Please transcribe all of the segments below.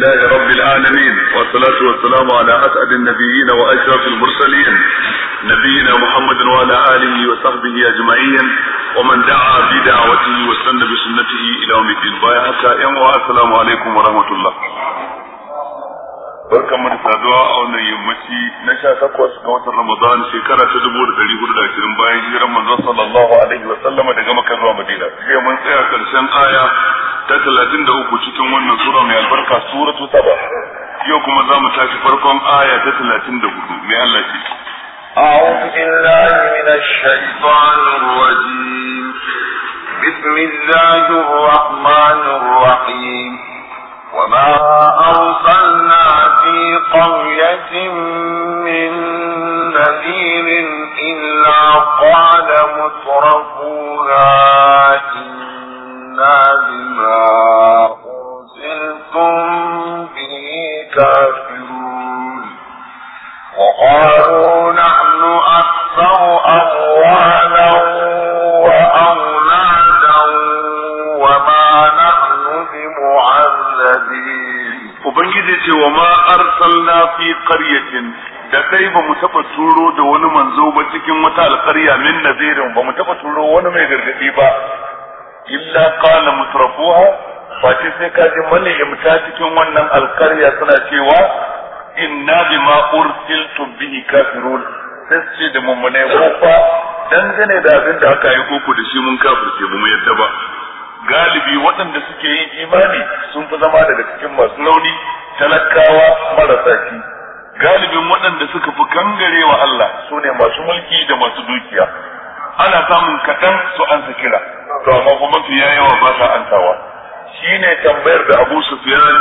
لله رب العالمين والصلاة والسلام على أسعد النبيين وأشرف المرسلين نبينا محمد وعلى آله وصحبه أجمعين ومن دعا بدعوته واستنى بسنته إلى يوم الدين السلام عليكم ورحمة الله barkan mu da saduwa a wannan yammaci na sha takwas ga watan Ramadan shekara ta dubu da ɗari hudu da ashirin bayan hijiran manzo sallallahu alaihi wa sallama daga maka zuwa Madina. Jiya mun tsaya karshen aya ta talatin da uku cikin wannan sura mai albarka ta saba. Yau kuma za mu tashi farkon aya ta talatin da hudu mai Allah ce. أعوذ بالله من الشيطان الرجيم بسم الله الرحمن الرحيم وما أرسلنا في من نذير إلا قال مترفوها إنا بما أرسلتم به كافرون وقالوا نحن أكثر أموالا ce wa ma arsalna fi qaryatin da kai ba mu taba turo da wani manzo ba cikin wata alƙarya min nazirin ba mu taba turo wani mai gargadi ba illa qala mutrafuha ce sai ka ji mali imta cikin wannan alƙarya suna cewa inna bima ursiltu bihi kafirun sai ce da mummune ko fa dangane da abin da aka yi koko da shi mun kafirce ba mu yadda ba galibi waɗanda suke yin imani sun fi zama daga cikin masu launi talakawa marasa shi galibin waɗanda suka fi wa Allah su ne masu mulki da masu dukiya ana samun kaɗan su ansa kira to amma kuma fiye yawa ba ta antawa ne tambayar da Abu Sufyan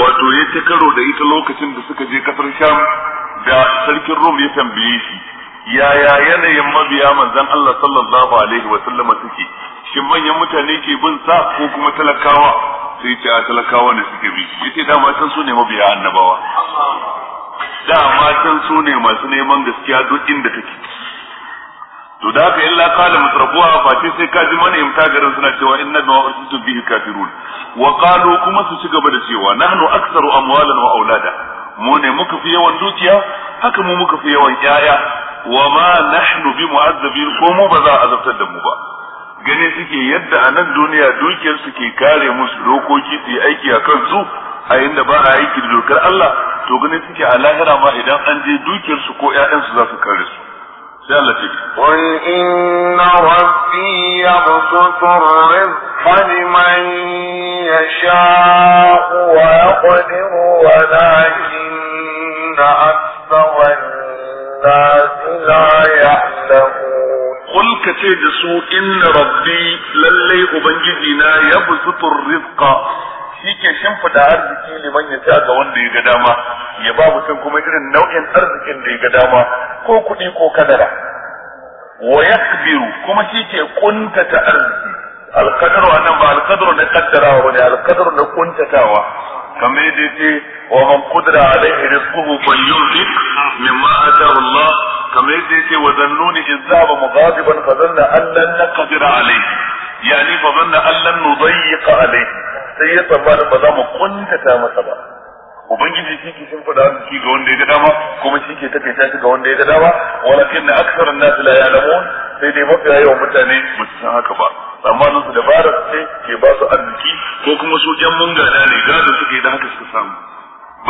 wato ya ta karo da ita lokacin da suka je kasar Sham da sarkin Rum ya tambaye shi yaya yanayin mabiya manzon Allah sallallahu alaihi wa sallama suke shin manyan mutane ke bin sa ko kuma talakawa sai ce a talakawa ne suke bi ce da matan su ne mabiya annabawa da matan su ne masu neman gaskiya duk inda take to da haka illa qala mutrafuha fa sai kaji mana imta garin suna cewa inna ma ursitu bihi kafirun wa qalu kuma su ci gaba da cewa nahnu aktsaru amwalan wa aulada mu ne muka fi yawan dukiya haka mu muka fi yawan yaya wa ma nahnu bi mu'azzabin ko mu ba za a azabtar da mu ba gani suke yadda a nan duniya dukiyar su ke kare musu dokoki su yi aiki a kan su a inda ba a aiki da dokar Allah to gani suke a lahira ma idan an je dukiyar su ko ƴaƴan su za su kare su sai Allah ce qul inna rabbi yabsutu ar-rizqa liman yasha'u wa yaqdiru wa la inna akthara an la ya'lamu قل كتيد سوء إن ربي للي أبنجدنا يبسط الرزق shi ke shimfida arziki ne manya sha ga wanda ya ga dama ya ba mutum kuma irin nau'in arzikin da ya ga dama ko kuɗi ko kadara wa yakbiru kuma shi ke kuntata arziki alkadaru anan ba alkadaru na kaddarawa ne alkadaru na kuntatawa kamar yadda yake wa man qudira alaihi rizquhu falyunfiq mimma ataahu Allah kamar yadda yake wa zannuni izaba mughadiban fa zanna an lan naqdira alaihi yani fa zanna an lan nudayyiqa alaihi sai ya tsammanin ba za mu kuntata masa ba ubangiji shi ke sun fada su ga wanda ya ga dama kuma shi ke take ta ga wanda ya ga dama walakin na aksarun nasu la ya'lamun sai dai mafiya yawan mutane ba su san haka ba tsammanin su dabarar ce ke ba su arziki ko kuma su ƴan mungana ne gado suke da haka suka samu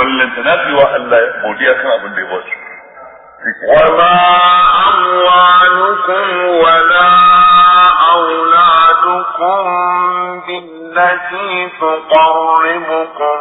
ballanta na wa Allah godiya kan abin da ya ba su وما أموالكم ولا أولادكم بالتي تقربكم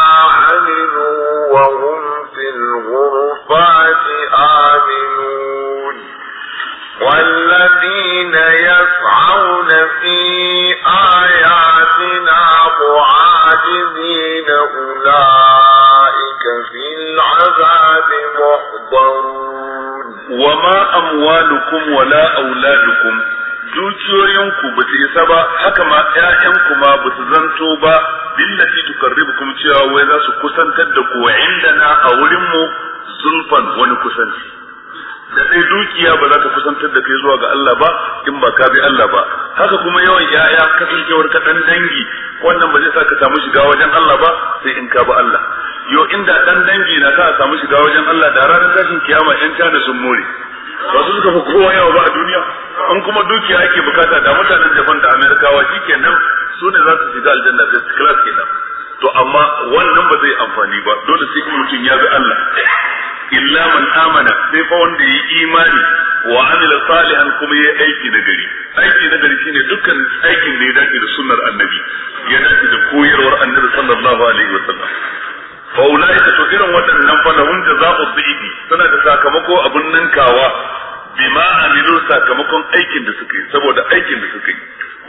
amwalukum wala auladukum dukiyoyinku ba su isa ba haka ma ƴaƴanku ma ba su zanto ba billati tukarribukum cewa wai za su kusantar da ku indana a wurin mu zulfan wani kusanci da sai dukiya ba za ka kusantar da kai zuwa ga Allah ba in ba ka bi Allah ba haka kuma yawan yaya kasancewar ka dan dangi wannan ba zai sa ka samu shiga wajen Allah ba sai in ka bi Allah yo inda dan dangi na sa a samu shiga wajen Allah da ranar tashin kiyama yan tana sun more ba su suka fi kowa yawa ba a duniya in kuma dukiya ake bukata da mutanen Japan da Amerikawa nan su ne za su shiga aljanna first class nan to amma wannan ba zai amfani ba dole sai mutum ya bi Allah illa man amana sai fa wanda ya yi imani wa amila salihan kuma ya yi aiki na gari aiki na gari shine dukkan aikin da ya dace da sunnar annabi ya dace da koyarwar annabi sallallahu alaihi sallam fa ka to irin waɗannan fa lahum jazaa'u dhibi suna da sakamako abun ninkawa bima amilu sakamakon aikin da suka yi saboda aikin da suka yi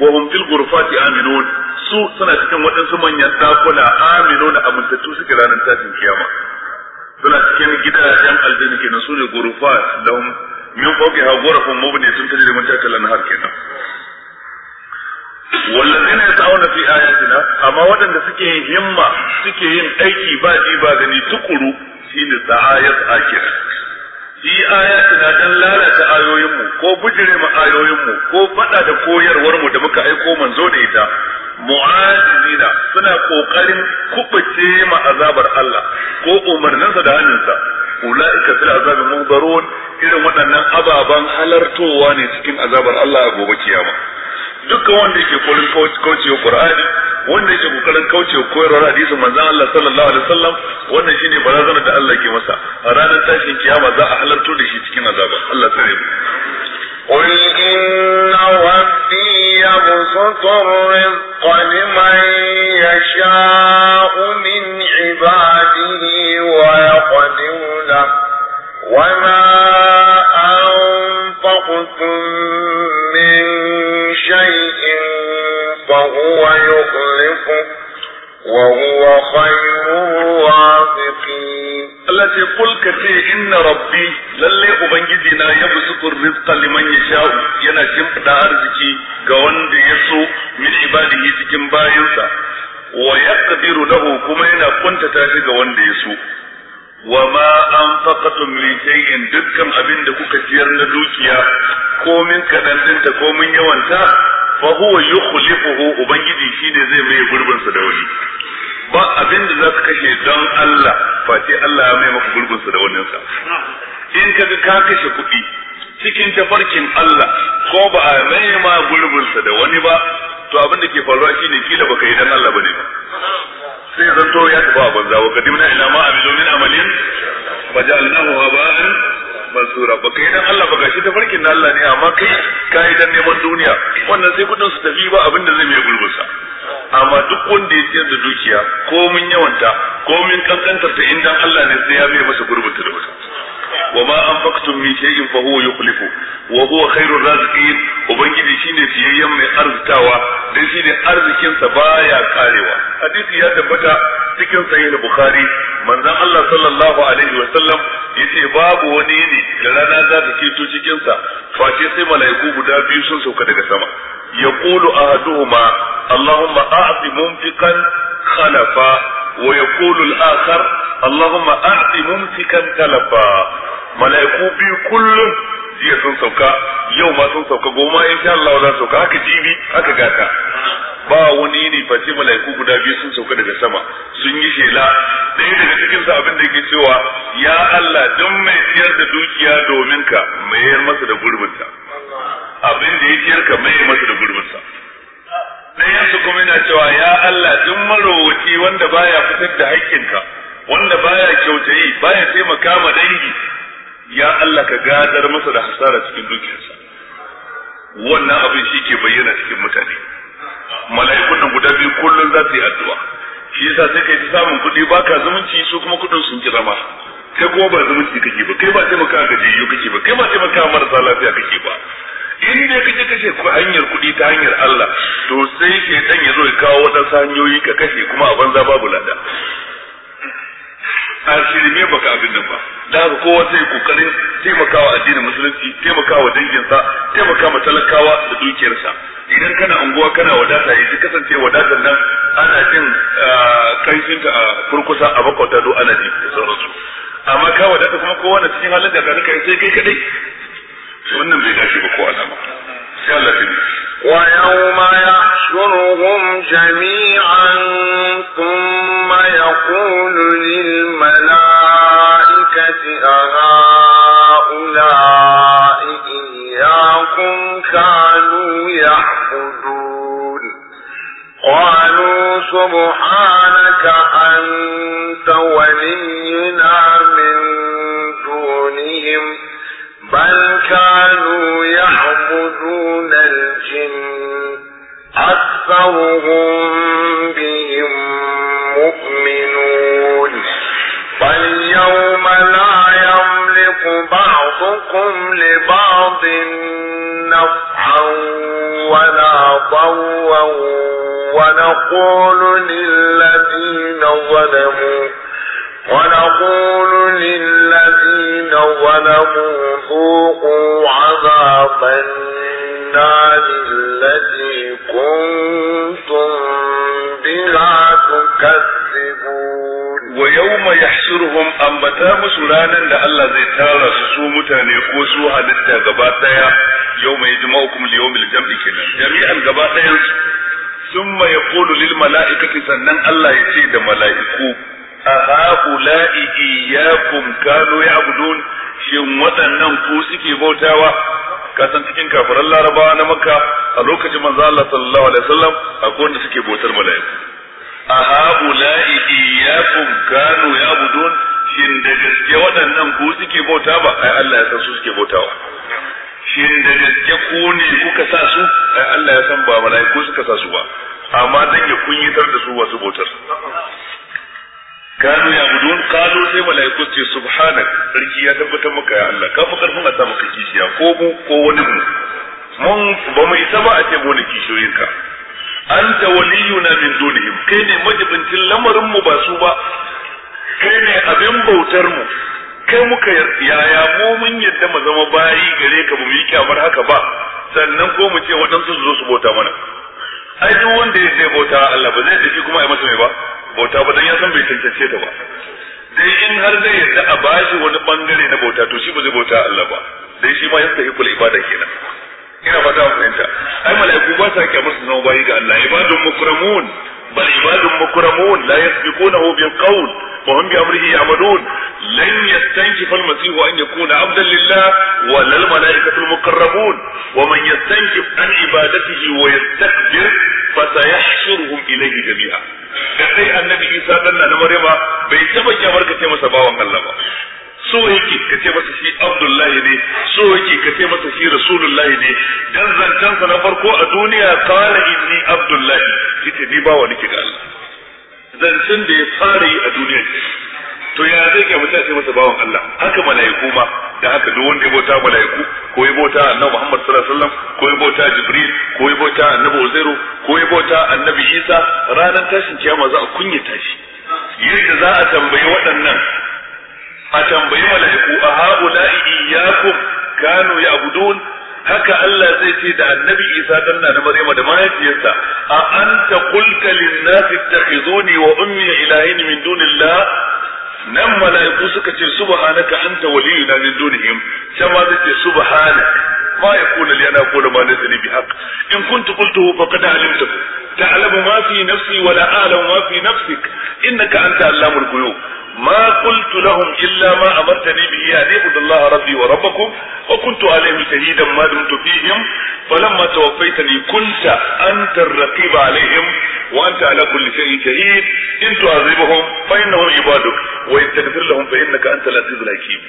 wa hum fil ghurfati aminun su suna cikin waɗansu manyan dakuna aminuna amintattu suke ranar tashin kiyama suna cikin gidajen aljanna kenan su ne ghurfat lahum min fawqiha ghurafun mubniyatun tajri min tahtiha al kenan wallazina yas'auna fi ayatina amma waɗanda suke yin himma suke yin aiki ba ji ba gani tukuru shine sa'ayat akira fi ayatina dan lalata ayoyinmu ko bujire mu ayoyinmu ko fada da koyarwar mu da muka aiko manzo da ita mu'adizina suna kokarin kubuce ma azabar Allah ko umarninsa da hannunsa ulaika fil azabi muhdarun irin waɗannan ababan halartowa ne cikin azabar Allah a gobe kiyama dukkan wanda yake kokarin kaucewa Qur'ani wanda yake kokarin kaucewa koyarwar hadisin manzon Allah sallallahu alaihi wasallam wannan shine barazana da Allah ke masa a ranar tashin kiyama za a halarto da shi cikin azaba Allah tsare mu قل إن ربي يبسط الرزق لمن يشاء من عباده ويقدر له وما أنفقتم وهو يخلف وهو خير الرازقين التي قل كتي إن ربي للي أبنجدنا يبسط الرزق لمن يشاء ينا شمت أرزكي قوان يسو من عباده تكن باينسا ويقدر له كما ينا كنت تاشي قوان يسو wa ma anfaqatum min shay'in dukkan abin da kuka tiyar na dukiya ko min kadan ta ko min yawanta fa huwa yukhlifuhu ubangiji shi ne zai mai gurbin sa da wani ba abin da zaka kashe don Allah face Allah ya mai maka gurbin sa da wannan sa in kaga ka kashe kuɗi cikin tafarkin Allah ko ba a mai ma gurbinsa da wani ba to abin da ke faruwa ne kila baka yi dan Allah bane ba sai zan to ya tafi a banza wa kadimna ila ma amilu min amalin fajalnahu haba'an mansura baka yi dan Allah ba shi tafarkin na Allah ne amma kai ka yi dan neman duniya wannan sai kudin su tafi ba abin da zai mai gurbinsa amma duk wanda ya ciyar da dukiya ko mun yawanta ko mun kankantar ta inda Allah ne sai ya mai masa gurbinta da wata وما أنفقتم من شيء فهو يخلفه وهو خير الرازقين وبنجي شيني في يم أرزتاوى arzikinsa شيني أرزكين سبايا كاريوى حديث يا تبتا cikin sahih bukhari manzon Allah sallallahu alaihi wa sallam yace babu wani ne da rana za ta kito cikin sa face sai malaiku guda biyu sun sauka daga sama yaqulu ahaduhuma allahumma a'ti munfiqan khalafa ويقول الآخر اللهم أعط ممسكا تلفا mala'iku biyu kullum jiya sun sauka yau ma sun sauka goma sha Allah za sauka haka jibi haka gata ba wani ne face mala'iku guda biyu sun sauka daga sama sun yi shela ɗaya daga cikin sa abin da yake cewa ya Allah don mai siyar da dukiya domin ka mayar masa da gurbinta abin da ya siyar ka mayar masa da gurbinta ɗayan su kuma yana cewa ya Allah duk marowaci wanda baya fitar da haƙƙinka wanda baya kyautayi baya taimaka ma dangi ya Allah ka gadar masa da hasara cikin dukiyarsa wannan abin shi ke bayyana cikin mutane mala'ikun nan guda biyu kullum za su yi addu'a shi yasa sai kai samun kuɗi baka zumunci su kuma kuɗin sun kira ma kai kuma ba zumunci kake ba kai ba sai taimaka ga jiyo kake ba kai ba sai taimaka marasa lafiya kake ba in dai kaje kashe ku hanyar kuɗi ta hanyar Allah to sai ke dan ya zo ya kawo wata hanyoyi ka kashe kuma a banza babu lada a shirme baka abin nan ba da haka kowa sai kokarin taimakawa addinin musulunci taimakawa danginsa taimakawa talakawa da dukiyarsa idan kana unguwa kana wadata yanzu kasance wadatar nan ana jin kaifin ah, ta a kurkusa a bakwata do ana ji da sauransu amma ka wadata kuma kowa na cikin halin da ka kai sai kai kadai wannan bai dace ba ko alama sai Allah ya ya shuruhum jami'a. يقول للملائكة أهؤلاء إياكم كانوا يعبدون قالوا سبحانك أنت ولينا من دونهم بل كانوا يعبدون الجن أكثرهم به يؤمنون فاليوم لا يملك بعضكم لبعض نفعا ولا ضوا ونقول للذين ظلموا ونقول للذين ظلموا ذوقوا عذاب النار الذي كنتم بها تكذبون wa yawma yahshuruhum ambata musu ranar da Allah zai tara su su mutane ko su halitta gaba daya yawma yajma'ukum li yawmil jam'i kenan jami'an gaba dayan su thumma yaqulu lil mala'ikati sannan Allah ya ce da mala'iku a ha'ula'i iyyakum kanu ya'budun shin waɗannan ku suke bautawa ka san cikin kafiran larabawa na makka a lokacin manzo Allah sallallahu alaihi wasallam akwai wanda suke bautar mala'iku a ha'ula'i iyyakum kanu ya'budun shin da gaske waɗannan ku suke bauta ba ai Allah ya san su suke bautawa shin da gaske ku ne kuka sa su ai Allah ya san ba mala'iku suka sa su ba amma dan ya kunyitar da su wasu bautar kanu ya budun kalu sai mala'iku ce subhanak sarki ya tabbatar maka ya Allah ka fi karfin a sa maka kishiya ko mu ko wani mu mun ba mu isa ba a ce mu ne kishiyoyinka anta waliyuna min dunihim kai ne majibincin lamarin mu ba su ba kai ne abin bautar mu kai muka yaya mu mun yadda mu zama bayi gare ka mu yi kyamar haka ba sannan ko mu ce waɗansu su zo su bauta mana ai duk wanda ya ce bauta Allah ba zai tafi kuma ai masa mai ba bauta ba dan ya san bai tantance ta ba dai in har zai yadda a bashi wani bangare na bauta to shi ba zai bauta Allah ba dai shi ma yasta kula ibada kenan ina ba za mu fahimta ai mala'iku ba sa kyamar su zama bayi ga Allah ibadun mukramun bal ibadun mukramun la yasbiqunahu bil qawl wa hum bi amrihi ya'malun lan yastankifa al masih an yakuna abdan lillah wa lal al muqarrabun wa man yastankif an ibadatihi wa yastakbir fa sayahshuruhum ilayhi jami'a da sai annabi Isa dan na Maryama bai taba kyamar ka ce masa bawan Allah ba so yake ka ce masa shi abdullahi ne so yake ka ce masa shi rasulullahi ne dan zancen sa na farko a duniya kala inni abdullahi yace ni bawa nake ga Allah zancen da ya fara yi a duniya to ya zai ke mutum ce masa bawan Allah haka malaiku ma da haka duk wanda ya bauta malaiku ko ya bauta annabi Muhammad sallallahu alaihi wasallam ko ya bauta Jibril ko ya bauta annabi Uzairu ko ya bauta annabi Isa ranar tashin kiyama za a kunyata shi yadda za a tambayi waɗannan a tambayi mala'iku a ha'ula'i iyyakum kanu ya'budun haka Allah zai ce da annabi Isa dan na Maryama da mahaifiyarsa a anta qulta lin-nas ittakhizuni wa ummi ilahin min dunillah nan mala'iku suka ce subhanaka anta waliyuna min dunihim sai ma zai ce subhanaka ما يقول لي انا اقول ما ليس لي بحق ان كنت قلته فقد علمته تعلم ما في نفسي ولا اعلم ما في نفسك انك انت علام الغيوب ما قلت لهم إلا ما أمرتني به أن اعبدوا الله ربي وربكم وكنت عليهم شهيدا ما دمت فيهم فلما توفيتني كنت أنت الرقيب عليهم وأنت على كل شيء شهيد إن تعذبهم فإنهم عبادك وإن تغفر لهم فإنك أنت العزيز الحكيم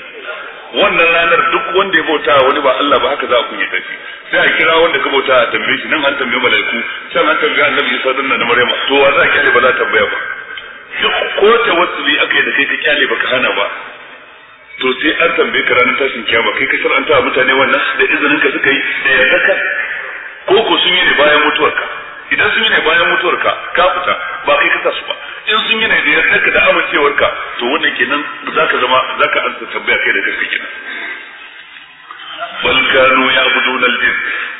wannan ranar duk wanda ya bauta wani ba Allah ba haka za a kunya tafi sai a kira wanda ka bauta a tambaye shi nan an tambaye mala'iku can an tambaye annabi Isa dinnan na Maryam to wa za ki ba za tambaya ba duk ko tawassuli aka yi da kai ka kyale baka hana ba to sai an tambaye ka ranar tashin kiyama kai ka shar'anta mutane wannan da izinin ka suka yi da yarda ka ko ko sun yi ne bayan mutuwarka idan sun yi ne bayan mutuwarka ka fita ba kai ka sa su ba in sun yi ne da yarda ka da amincewarka to wannan kenan zaka zama zaka ansa tambaya kai da kanka kenan bal kanu ya'buduna al-jinn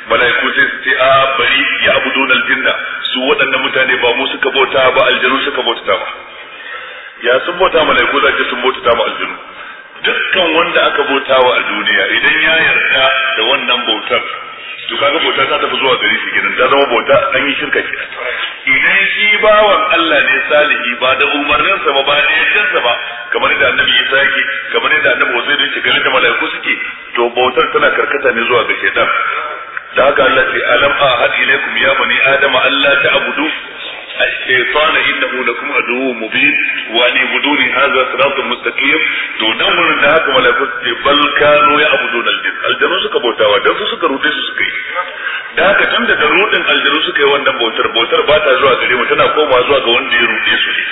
bal sai su ce a ya'buduna al-jinna su wadannan mutane ba mu suka bauta ba aljinu suka bauta ba ya sun bauta malaiku za ce sun bauta ma aljinu dukkan wanda aka bauta wa a duniya idan ya yarda da wannan bautar to kaga bauta ta tafi zuwa gari shi kenan ta zama bauta an yi shirka ke idan shi bawan Allah ne salihi ba da umarnin sa ba ba da yaddan sa ba kamar da annabi Isa yake kamar da annabi Uzair yake kamar da malaiku suke to bautar tana karkata ne zuwa ga shedan da haka Allah ce alam hadi ilaikum ya bani adama Allah Abudu. الشيطان انه لكم عدو مبين وان اعبدوني هذا صراط مستقيم to dan wurin da haka malaiku ce bal kanu ya abudun aljin suka bautawa dan su suka rute su suka yi da haka tun daga rudin aljanu suka yi wannan bautar bautar ba ta zuwa gare mu tana komawa zuwa ga wanda ya rute su ne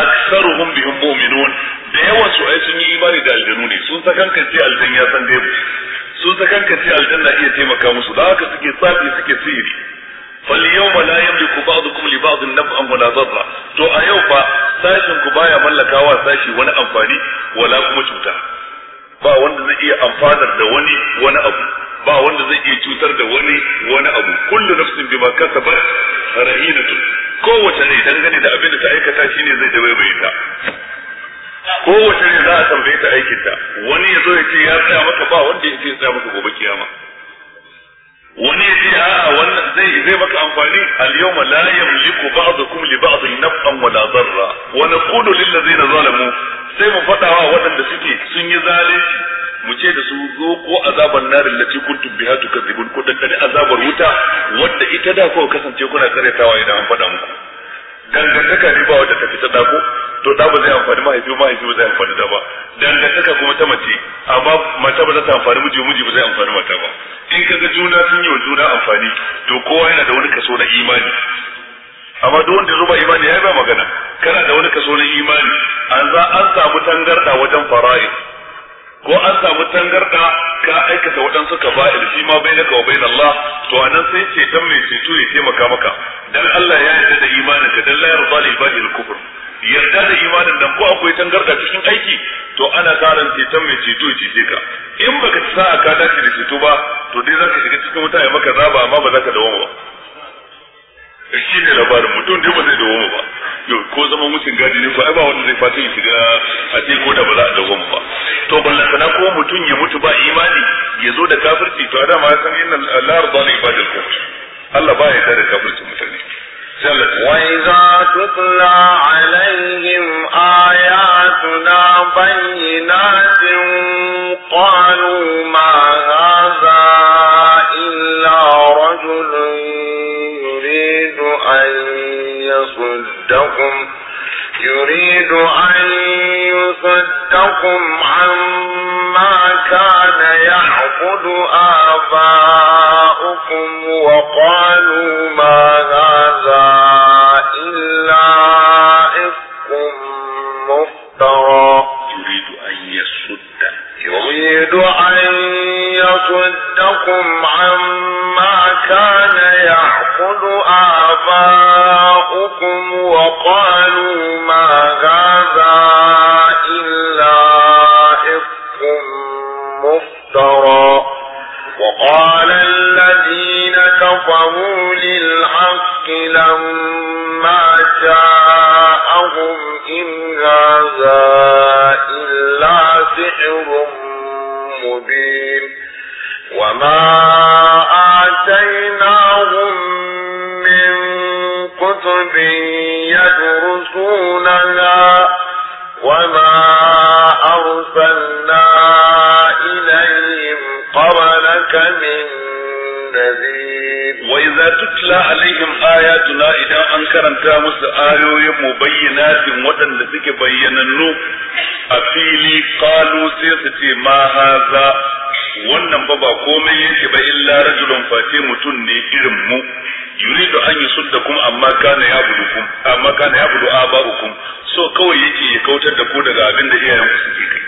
aksaruhum bihim mu'minun da yawan su ai sun yi imani da aljanu ne sun sakankance aljan ya san dai sun sakankance aljan na iya taimaka musu da haka suke tsafi suke sihiri falyawma la yamliku ba'dukum li ba'din naf'an wala darra to a yau fa sashin baya mallakawa sashi wani amfani wala kuma cuta ba wanda zai iya amfanar da wani wani abu ba wanda zai iya cutar da wani wani abu kullu nafsin bima kasabat rahinatun kowace ne dangane da abin ta aikata shine zai dabaibaye ta kowace ne za a tambaye ta aikinta wani ya zo ya ce ya tsaya maka ba wanda ya ce ya tsaya maka gobe kiyama wani yace a'a wannan zai zai maka amfani al yawma la yamliku ba'dukum li ba'din naf'an wala darra wa naqulu lil ladina zalamu sai mu fada wa waɗanda suke sun yi zalunci mu ce da su zo ko azabar narin lati kuntum biha tukadzibun ko daddare azabar wuta Wanda ita da ko kasance kuna karyatawa idan an fada muku dangantaka riba wadda ta fita dako to da ba zai amfani mahaifi mahaifi ba zai amfani da ba dangantaka kuma ta mace amma mata ba za ta amfani miji miji ba zai amfani mata ba in ka ga juna sun yi wa juna amfani to kowa yana da wani kaso na imani amma duk wanda ya zo ba imani ya yi ba magana kana da wani kaso na imani an za an samu tangarda wajen fara'id ko an samu tangarda ka aikata waɗansu ka kaba'ir shi ma bai kawo bai Allah to anan sai ce dan mai ceto ya taimaka maka dan Allah ya yarda da imanin ka dan la yarda li ibadi yarda da imanin dan ko akwai tangarda cikin aiki to ana karan ceton mai ceto ya cece ka in baka sa ka dace da ceto ba to dai zaka shiga cikin wuta ya maka zaba amma ba zaka dawo ba shi ne labarin mutum dai ba zai dawo ba yau ko zama mutum gadi ne ko ai ba wanda zai fata ya shiga a ce ko da ba za a dawo ba to ballan sana ko mutum ya mutu ba imani ya zo da kafirci to da ma san inna la yarda ba ibadil kufr Allah ba ya da kafirci mutane وإذا تتلى عليهم آياتنا بينات قالوا ما هذا إلا رجل يصدكم يريد أن يصدكم عما كان يعبد آباؤكم وقالوا ما هذا إلا إفق مفترى يريد أن يصد يريد أن يصدكم عما آباؤكم وقالوا ما هذا إلا إفك مفترى وقال الذين كفروا للحق لما جاءهم إن هذا إلا سحر مبين وما يدرسونها وما أرسلنا إليهم قبلك من نذير وإذا تتلى عليهم آياتنا إذا أنكرن تامس آيوي مبينات ودن لسك بيننو أفيلي قالوا سيستي ما هذا wannan ba ba komai yake ba illa rajulun fati mutum ne irin mu yuridu an yusuddakum amma kana ya'budukum amma kana ya'budu aba'ukum so kawai yake ya kautar da ku daga abin da iyayen ku suke kai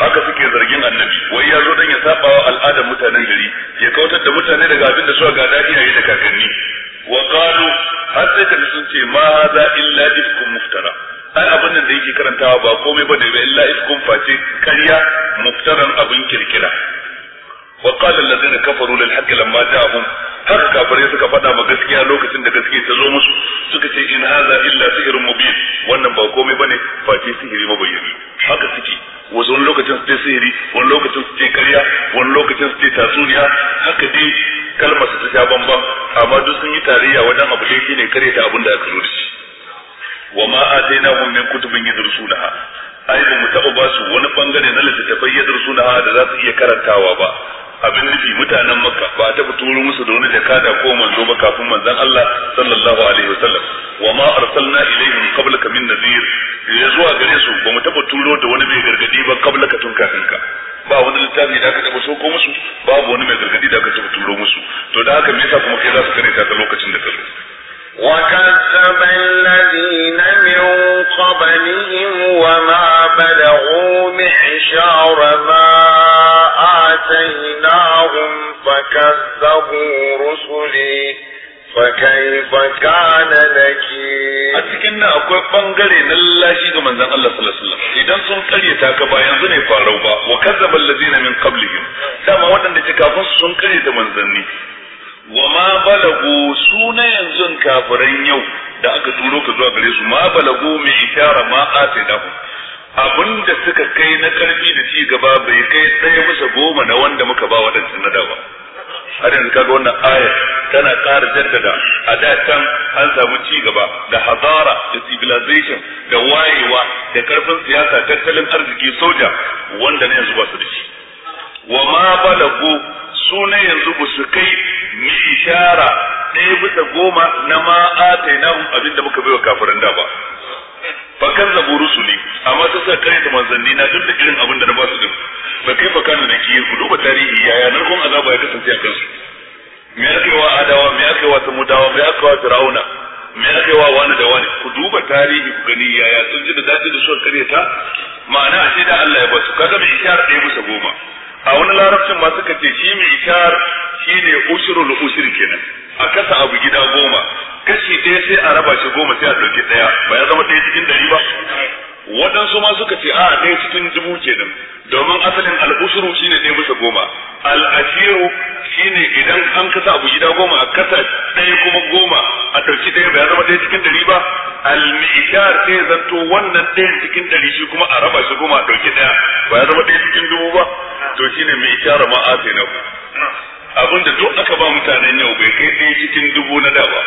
haka suke zargin annabi wai ya zo dan ya saba wa al'adar mutanen gari ya kautar da mutane daga abin da suka gada iyaye da kakanni wa qalu har sai kaji sun ce ma hadha illa ifkum muftara ai abin da yake karantawa ba komai bane ba illa ifkum face karya muftaran abin kirkira wa qala allazina kafaru lil haqqi lamma ja'ahum haka kafare suka faɗa ma gaskiya lokacin da gaskiya ta zo musu suka ce in haza illa sihrun mubin wannan ba komai bane face sihiri mabayyani haka suke wasu wani lokacin su ce sihiri wani lokacin su ce ƙarya wani lokacin su ce tatsuniya haka dai kalmar su ta sha bamban amma duk sun yi tarayya wajen abu dai shine kare ta abin da aka zo da shi wa ma atainahum min kutubin yadrusunaha ai ba mu taɓa ba su wani bangare na littattafai yadrusunaha da za su iya karantawa ba abin nufi mutanen makka ba ta turo musu da wani jakada ko manzo ba kafin manzon Allah sallallahu alaihi wasallam wa ma arsalna ilaihim qablaka min nadhir ya zuwa gare su ba mu taba turo da wani mai gargadi ba qablaka tun kafin ka ba wani littafi da aka taba soko musu ba wani mai gargadi da aka taba turo musu to da haka me yasa kuma kai za su kare ta lokacin da ka zo وكذب الذين من قبلهم وما بلغوا محشار ما آتيناهم فكذبوا رسلي فكيف كان نكير أتكلم أقول بانجري نلاشي من ذن الله صلى الله عليه وسلم إذا سن قرية كبا ينزني فاروبا وكذب الذين من قبلهم دام ودن تكافن سن قرية من ذني وما بلغوا سونا ينزن كافرين يوم da aka turo ka zuwa gare su ma balagu mai ishara ma atinahu abin da suka kai na karfi da ci gaba bai kai ɗaya bisa goma na wanda muka ba waɗancan na dawa har yanzu kaga wannan ayar tana ƙara jaddada a datan can an samu ci gaba da hazara da civilization da wayewa da karfin siyasa tattalin arziki soja wanda na yanzu ba su da shi wa ma balagu su na yanzu ba su kai mi ishara ɗaya bisa goma na ma atainahum abin da muka bai wa kafirin da ba fa su rusuli amma ta sa kare ta manzanni na duk da irin abin da na ba su din Ba kai fa kana naki ku duba tarihi yaya narkon azaba ya kasance a kansu me kai wa adawa me kai wa samudawa me kai wa fir'auna me kai wa wani da wani ku duba tarihi ku gani yaya sun ji da dadi da suka kare ta ma'ana ashe da Allah ya ba su kaga mai ishar ɗaya musu goma a wani larabcin ma suka ce shi mai ishar shine ushrul ushr kenan a kasa abu gida goma kashi ɗaya sai a raba shi goma sai a ɗauki ɗaya ba ya zama ɗaya cikin ɗari ba waɗansu ma suka ce a ɗaya cikin dubu kenan domin asalin al'usuru shine ɗaya bisa goma al'ashiru shine idan an kasa abu gida goma a kasa ɗaya kuma goma a ɗauki ɗaya ba ya zama ɗaya cikin ɗari ba al-mi'shar sai zanto wannan ɗayan cikin ɗari shi kuma a raba shi goma a ɗauki ɗaya ba ya zama ɗaya cikin dubu ba to shine mi'shar ma'asinaku abinda duk aka ba mutanen yau bai kai ɗaya cikin dubu na da ba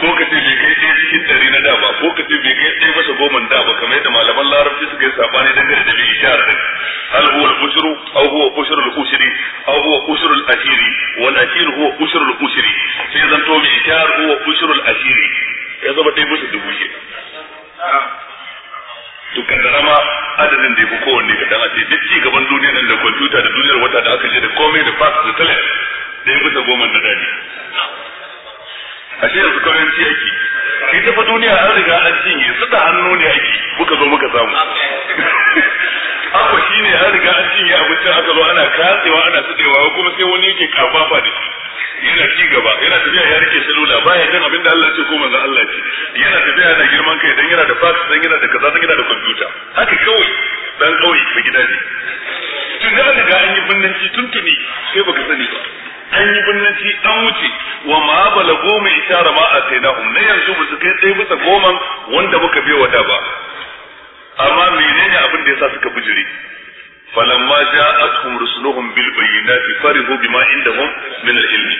ko ka ce bai kai ɗaya cikin ɗari na da ba ko ka ce bai kai ɗaya masa goma da ba kamar yadda malaman larabci suka yi sabani dangane da bai shahar da hal huwa al-ushru aw huwa ushru al-ushri aw huwa ushru al-ashiri wal ashir huwa ushru al-ushri sai zanto bai shahar huwa ushru al-ashiri ya zama ɗaya masa dubu ke to kaddara ma adadin da ya fi kowanne ka dan ce duk ci gaban duniya nan da kwamfuta da duniyar wata da aka je da komai da fax da tele da ya bisa goma da dadi ashe yanzu ci yake shi ta fa duniya an riga an cinye su da hannu ne yake muka zo muka samu haka shine an riga an cinye abincin aka zo ana katsewa ana tsadewa kuma sai wani yake kafafa da shi yana ci gaba yana tafiya ya rike salula baya jin abin da Allah ce ko manzo Allah ce yana tafiya yana girman kai dan yana da fax dan yana da kaza dan yana da computer haka kawai dan kawai da gida ne tun da daga an yi binnanci tuntuni sai baka sani ba an yi binnanci an wuce wa ma balago mai isara ma a atainahum na yanzu ba su kai tsaye bisa goman wanda muka biya wata ba amma menene abin da yasa suka bijire فلما جاءتهم رسلهم بالبينات فرضوا بما عندهم من العلم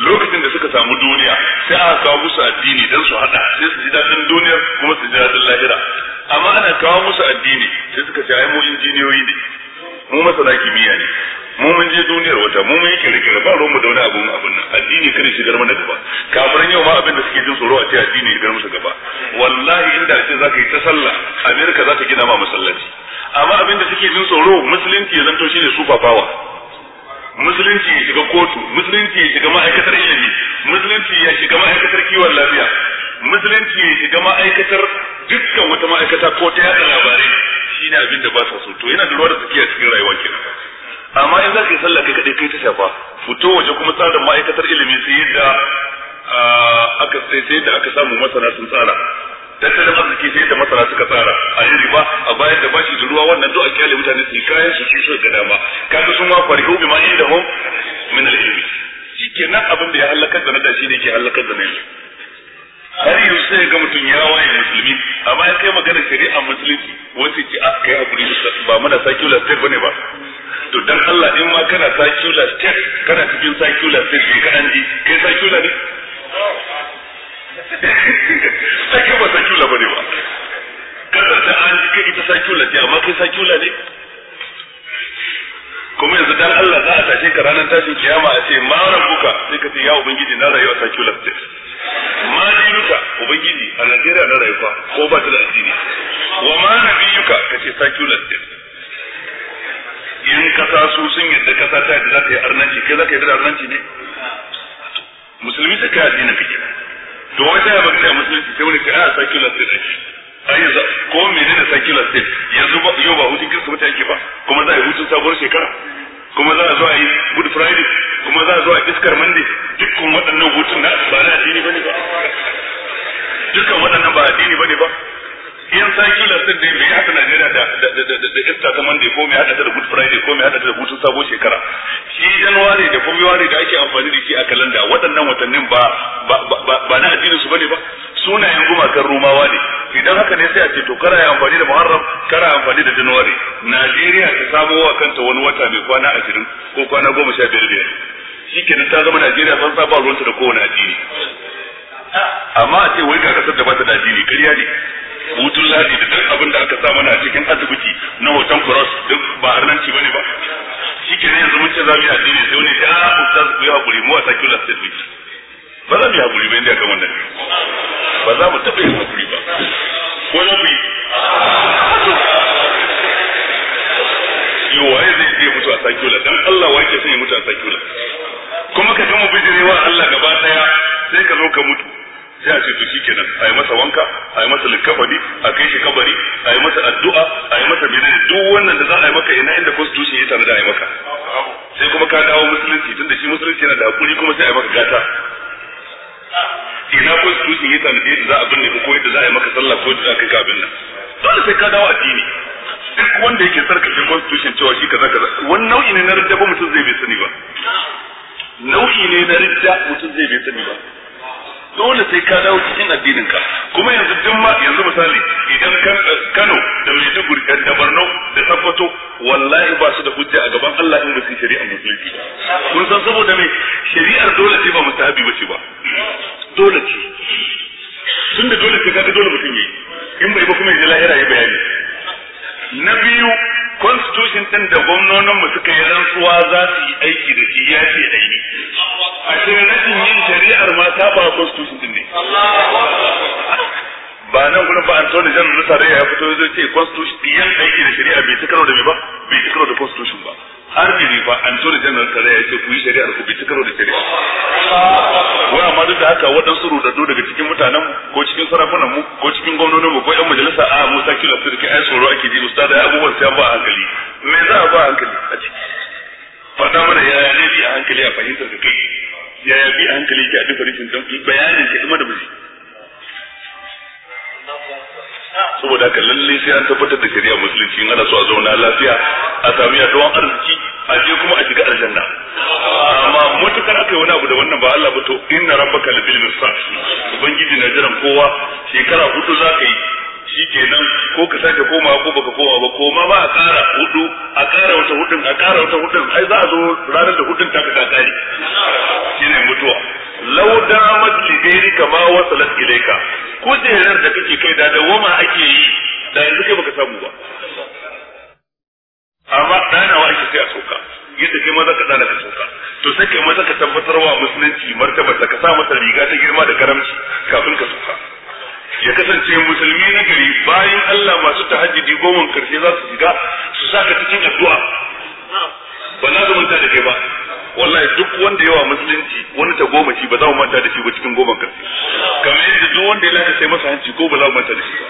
lokacin da suka samu duniya sai aka kawo musu addini dan su hada sai su ji dadin duniya kuma su ji dadin lahira amma ana kawo musu addini sai suka ce ai mu injiniyoyi ne mu masana kimiyya ne mu mun je duniyar wata mu mun yi kirkira ba ruwan mu da wani abun abun nan addini kada shigar mana gaba kafiran yau ma abin da suke jin tsoro a ce addini ya shigar musu gaba wallahi inda ake zaka yi ta sallah amerika za ta gina ma masallaci amma abin da suke jin tsoro musulunci ya zanto shine super power musulunci ya shiga kotu musulunci ya shiga ma'aikatar ilimi musulunci ya shiga ma'aikatar kiwon lafiya musulunci ya shiga ma'aikatar dukkan wata ma'aikata ko ta yada labarai shine abin da ba sa so to yana da ruwa da a cikin rayuwa kenan amma in za ka yi sallah kai kaɗai kai ta shafa fito waje kuma tsarin ma'aikatar ilimi sai yadda ah, aka sai da aka samu masana sun tsara tattalin sarki sai da masara suka tsara a yi riba a bayan da bashi da ruwa wannan duk a kyale mutane su kayan su shi ga dama kaga sun ma farihu bima inda hum min al-ilmi shikenan abin da ya halakar da na da shine ke halakar da na yanzu har yanzu sai ga mutum ya waye musulmi amma ya kai magana shari'a musulunci wace ce aka ah, kai hakuri ba mana wula state bane ba to dan Allah in ma kana secular state kana cikin secular state sai ka an ji kai wula ne sai kai ba sakula bane ba kasar ta an kai ita sakula ce amma kai sakula ne kuma yanzu dan Allah za a tashi ka ranar tashin kiyama a ce ma rabbuka sai ka ce ya ubangiji na rayuwa sakula ce ma dinuka ubangiji a Najeriya na rayuwa ko ba ta da addini wa ma nabiyuka ka ce sakula ce in kasa su sun yadda kasa ta yadda za ta yi arnanci kai za ka yi da arnanci ne musulmi sai ka addini kake to wai sai abin da musulunci sai wani ce a ah, secular state ake ai za ko menene secular state yanzu ba yau ba hutun ta ake ba kuma za a yi hutun sabuwar shekara kuma za a zo a yi good friday kuma za a zo a iskar monday dukkan waɗannan hutun na ba na addini bane ba dukkan waɗannan ba addini ne ba in circular din dai mai haka Najeriya da da Easter ta Monday ko mai hada da Good Friday ko mai hada da hutun sabo shekara shi January da February da ake amfani da shi a kalanda waɗannan watannin ba ba na addinin su bane ba sunayen gumakan Rumawa ne idan haka ne sai a ce to kara ya amfani da Muharram kara amfani da January Najeriya ta samo wa kanta wani wata mai kwana 20 ko kwana goma sha biyar biyar. shikenan ta zama Najeriya san saba ruwanta da kowane addini amma a ce wai ga kasar da ba ta da addini ƙarya ne hutun ladi da duk abin da aka sa mana a cikin asibiti na hoton cross duk ba arnanci bane ba shi ke yanzu mun ce za mu yi addini sai wani ya ah, ustaz ku yi hakuri mu a secular state week ba za mu yi hakuri ba inda kan wannan ba za mu taɓa yin hakuri ba ko za mu yi yo waye zai je mutu a secular dan Allah ke son ya mutu a secular kuma ka gama bijirewa Allah gaba daya sai ka zo ka mutu sai a ce to shikenan a yi masa wanka a yi masa likafani a kai shi kabari a yi masa addu'a a yi masa menene duk wannan da za a yi maka ina inda constitution ya tana da a yi maka sai kuma ka dawo musulunci tunda shi musulunci yana da hakuri kuma sai a yi maka gata ina constitution ya tana da za a binne ko yadda za a yi maka sallah ko yadda za ka kabin nan dole sai ka dawo addini duk wanda yake sarkacin constitution cewa shi kaza kaza wani nau'i ne na ridda ba mutum zai bai sani ba nau'i ne na ridda mutum zai bai sani ba dole sai ka dawo cikin addinin ka kuma yanzu duk ma yanzu misali idan eh, Kano da Maiduguri eh, da Borno da Sokoto wallahi ba su da hujja a gaban Allah in ba su shari'a musulunci kun san saboda me shari'ar dole ce ba mustahabi ba ce ba dole ce tunda dole ce kaga dole mutum yi in bai ba kuma ya lahira yayi bayani na biyu constitution din da gwamnonin mu suka yi rantsuwa za su yi aiki da shi ya ce dai a cikin rashin yin shari'ar ma ta ba constitution din ne ba nan gurin ba Anthony jan na ya fito ya ce constitution din aiki da shari'a bai ci da me ba bai ci da constitution ba har ne ba an tura janar tare ya ce ku yi shari'ar ku bi ta karo da shari'a wai amma duk da haka waɗansu rudaddu daga cikin mutanen ko cikin sarafunan mu ko cikin gwamnonin mu ko yan majalisa a musa kila su dake ai tsoro ake ji ustada ya abubuwan sai ba hankali me za a ba hankali a ciki fata mana yaya ne bi a hankali a fahimtar da kai yaya bi a hankali ke a duk rikin don bayanin ke kuma da miji saboda ka lalle sai an tabbatar da shari'a musulunci ana so a zauna lafiya a sami yaduwan arziki a je kuma a shiga aljanna amma mutukar aka yi wani abu da wannan ba Allah ba to inna rabbaka labil mirsad ubangiji na jiran kowa shekara hudu za ka yi shi nan, ko ka sake koma ko baka koma ba koma ba a kara hudu a kara wata hudun a kara wata hudun ai za a zo ranar da hudun ta ka shi ne mutuwa lau law damat liberi kama wasalat ilayka kujerar da kake kai da wama ake yi da yanzu kai baka samu ba amma dana wa ake sai a soka yadda kai maza ka dana ka soka to sai kai maza ka tabbatar wa musulunci martaba ta ka sa masa riga ta girma da karamci kafin ka soka ya kasance musulmi na gari bayan Allah masu tahajjudi goma karshe za su shiga su saka cikin addu'a ba na ta da kai ba wallahi duk wanda yawa musulunci wani ta goma shi ba za mu manta da shi ba cikin goma karfi kamar yadda duk wanda ya lalace masa hanci ko ba za mu manta da shi ba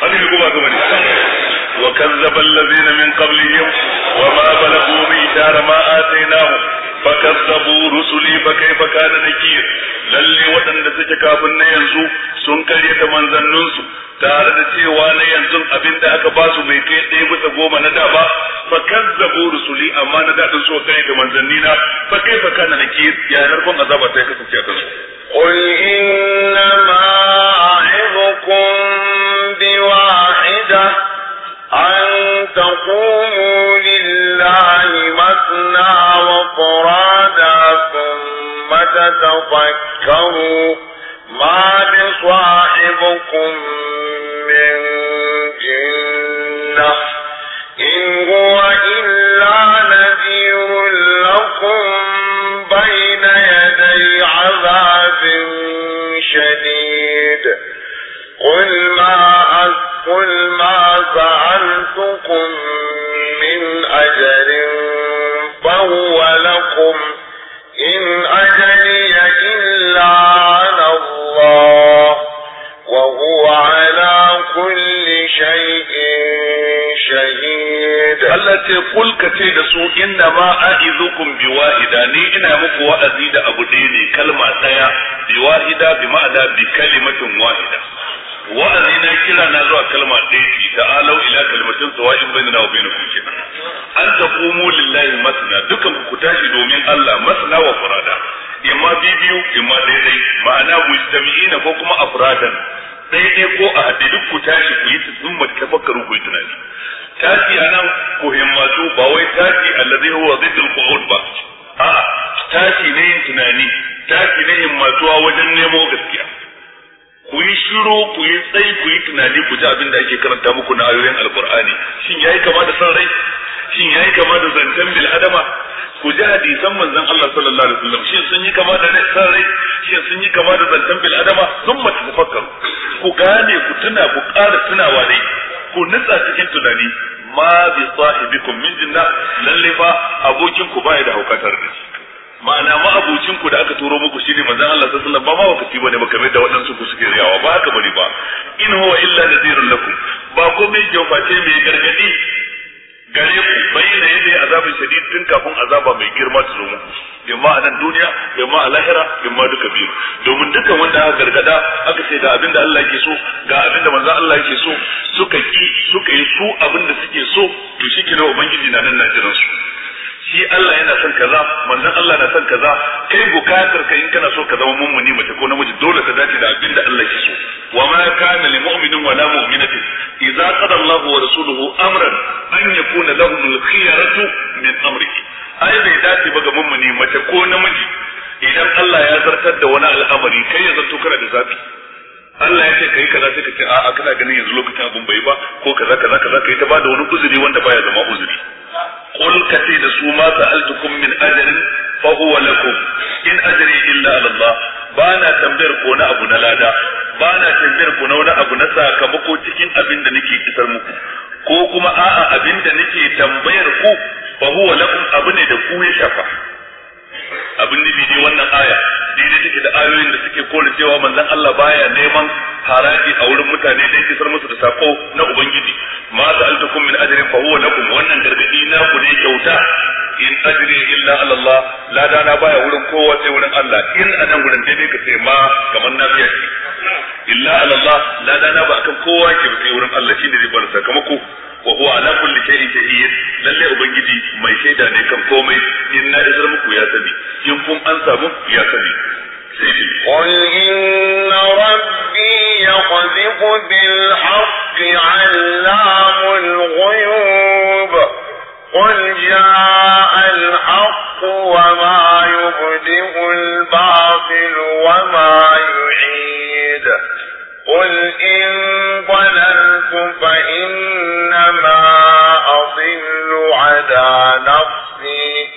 haka ko ba ne وكذب الذين من قبلهم وما بلغوا ميثار ما آتيناهم فكذبوا رسلي فكيف كان نكير lalle waɗanda suke kafin na yanzu sun karya da manzanninsu tare da cewa na yanzu abin da aka ba su bai kai ɗaya bisa goma na da ba fa kazzabu rusuli amma na da din so kare da manzannina fa kaifa kana nakir ya narkon azaba ta kasance a kansu qul inna ma a'idukum biwahida أن تقوموا لله مثنى وفرادا ثم تتفكروا ما بصاحبكم من جنة إن هو إلا نذير لكم بين يدي عذاب شديد قل ما قل ما لكم من أجر فهو لكم إن أجري إلا على الله وهو على كل شيء شهيد التي قل كتيد سوء إنما أعذكم بواحدة ني إنا مكو وأزيد أبو ديني كلمة سيا بواحدة بمعنى بكلمة واحدة wa'azi na kira na zuwa kalma ɗaya ce ta'alau ila kalmatin bai nawa bai na kuke. an komo lillahi masana dukan ku tashi domin Allah masana wa furada imma bibiyu imma daidai ma'ana mujtami'ina ko kuma afradan daidai ko a haɗe duk ku tashi ku yi tsumma tafakkaru ku yi tunani tashi nan ku himmatu ba wai tashi allazi huwa zidul qu'ud ba a'a tashi ne yin tunani tashi ne himmatuwa wajen nemo gaskiya ku yi shiru ku yi tsayi ku yi tunani ku ji abin da ake karanta muku na ayoyin alkur'ani shin yayi kama da san rai shin yayi kama da zantan bil adama ku ji hadisan manzon Allah sallallahu alaihi wasallam shin sun yi kama da san rai shin sun yi kama da zantan bil adama thumma tafakkaru ku gane ku tuna ku ƙara tunawa dai ku nutsa cikin tunani ma bi sahibikum min jinna lalle fa abokin ku baya da haukatar da shi ma'ana ma'abucin ku da aka turo muku shine manzon Allah sallallahu alaihi wasallam ba ma wakati bane ba kamar da waɗansu ku suke riyawa ba haka bane ba in huwa illa nadhirun lakum ba mai gyoface mai gargadi gare ku bayyana yadda azabin shadid tun kafin azaba mai girma su mu muku imma a nan duniya imma a lahira imma duka biyu domin dukan wanda aka gargada aka ce ga abin da Allah yake so ga abin da Allah yake so suka ki suka yi su abin da suke so to shi ubangiji na nan na jiran su shi Allah yana son kaza manzon Allah na son kaza kai bukatar ka in kana so ka zama mummuni mace ko namiji dole ka dace da abin da Allah ke so wa ma kana lil mu'minin wa la mu'minatin idza qada Allahu wa rasuluhu amran an yakuna lahum al khiyaratu min amrihi ai bai dace ba ga mummuni mace ko namiji idan Allah ya zartar da wani al'amari kai ya zanto kana da zafi Allah ya ce kai kaza sai ka ce a'a kana ganin yanzu lokacin abun bai ba ko kaza kaza kaza kai ta bada wani uzuri wanda baya zama uzuri qul ka ce da su ma sa'altukum min ajrin fa huwa lakum in ajri illa ala Allah ba na tambayar ko na abu na lada ba na tambayar ko na wani abu na sakamako cikin abin da nake kisar muku ko kuma a'a abin da nake tambayar ku fa huwa lakum abu ne da ku ya shafa abin nufi dai wannan aya daidai take da ayoyin da suke kore cewa manzon Allah baya neman haraji a wurin mutane dan kisar musu da sako na ubangiji ma za sa'altukum min ajrin fa huwa lakum wannan gargadi na ku ne kyauta in ajri illa ala Allah la dana baya wurin kowa sai wurin Allah in anan wurin dai ka sai ma kamar na biya shi illa ala Allah la dana ba akan kowa ke sai wurin Allah shine zai bar sakamako wa huwa ala kulli shay'in shahid lalle ubangiji mai shaida ne kan komai in na isar muku ya sani sani in kun an samu ya sani sai dai qul inna rabbi yaqdhifu bil haqqi 'allamul ghuyub قل جاء الحق وما يبدئ الباطل وما يعيد قل إن ضللت فإنما أضل على نفسي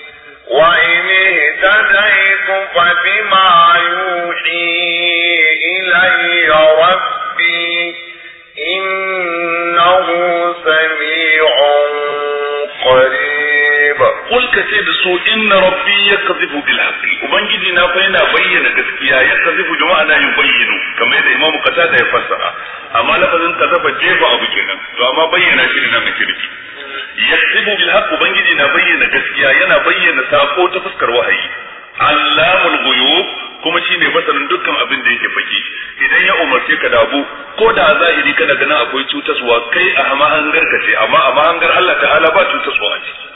وإن اهتديت فبما يوحي إلي ربي إنه سميع قريب قل كتب سوء إن ربي يقذف بالحق وبنجدي نافينا بين تسكيا يقذف جمعنا يبين كما يدى إمام قتادة يفسر أما لفظ قذف جيب أبو جنة وأما بين شرنا من شركي yaktubu bil haqq ubangiji na bayyana gaskiya yana bayyana sako ta fuskar wahayi allamul ghuyub kuma shine masanin dukkan abin da yake baki idan ya umarce ka dabu ko da zahiri kana ganin akwai cutaswa kai a mahangar ka ce amma a mahangar Allah ta'ala ba cutaswa a ciki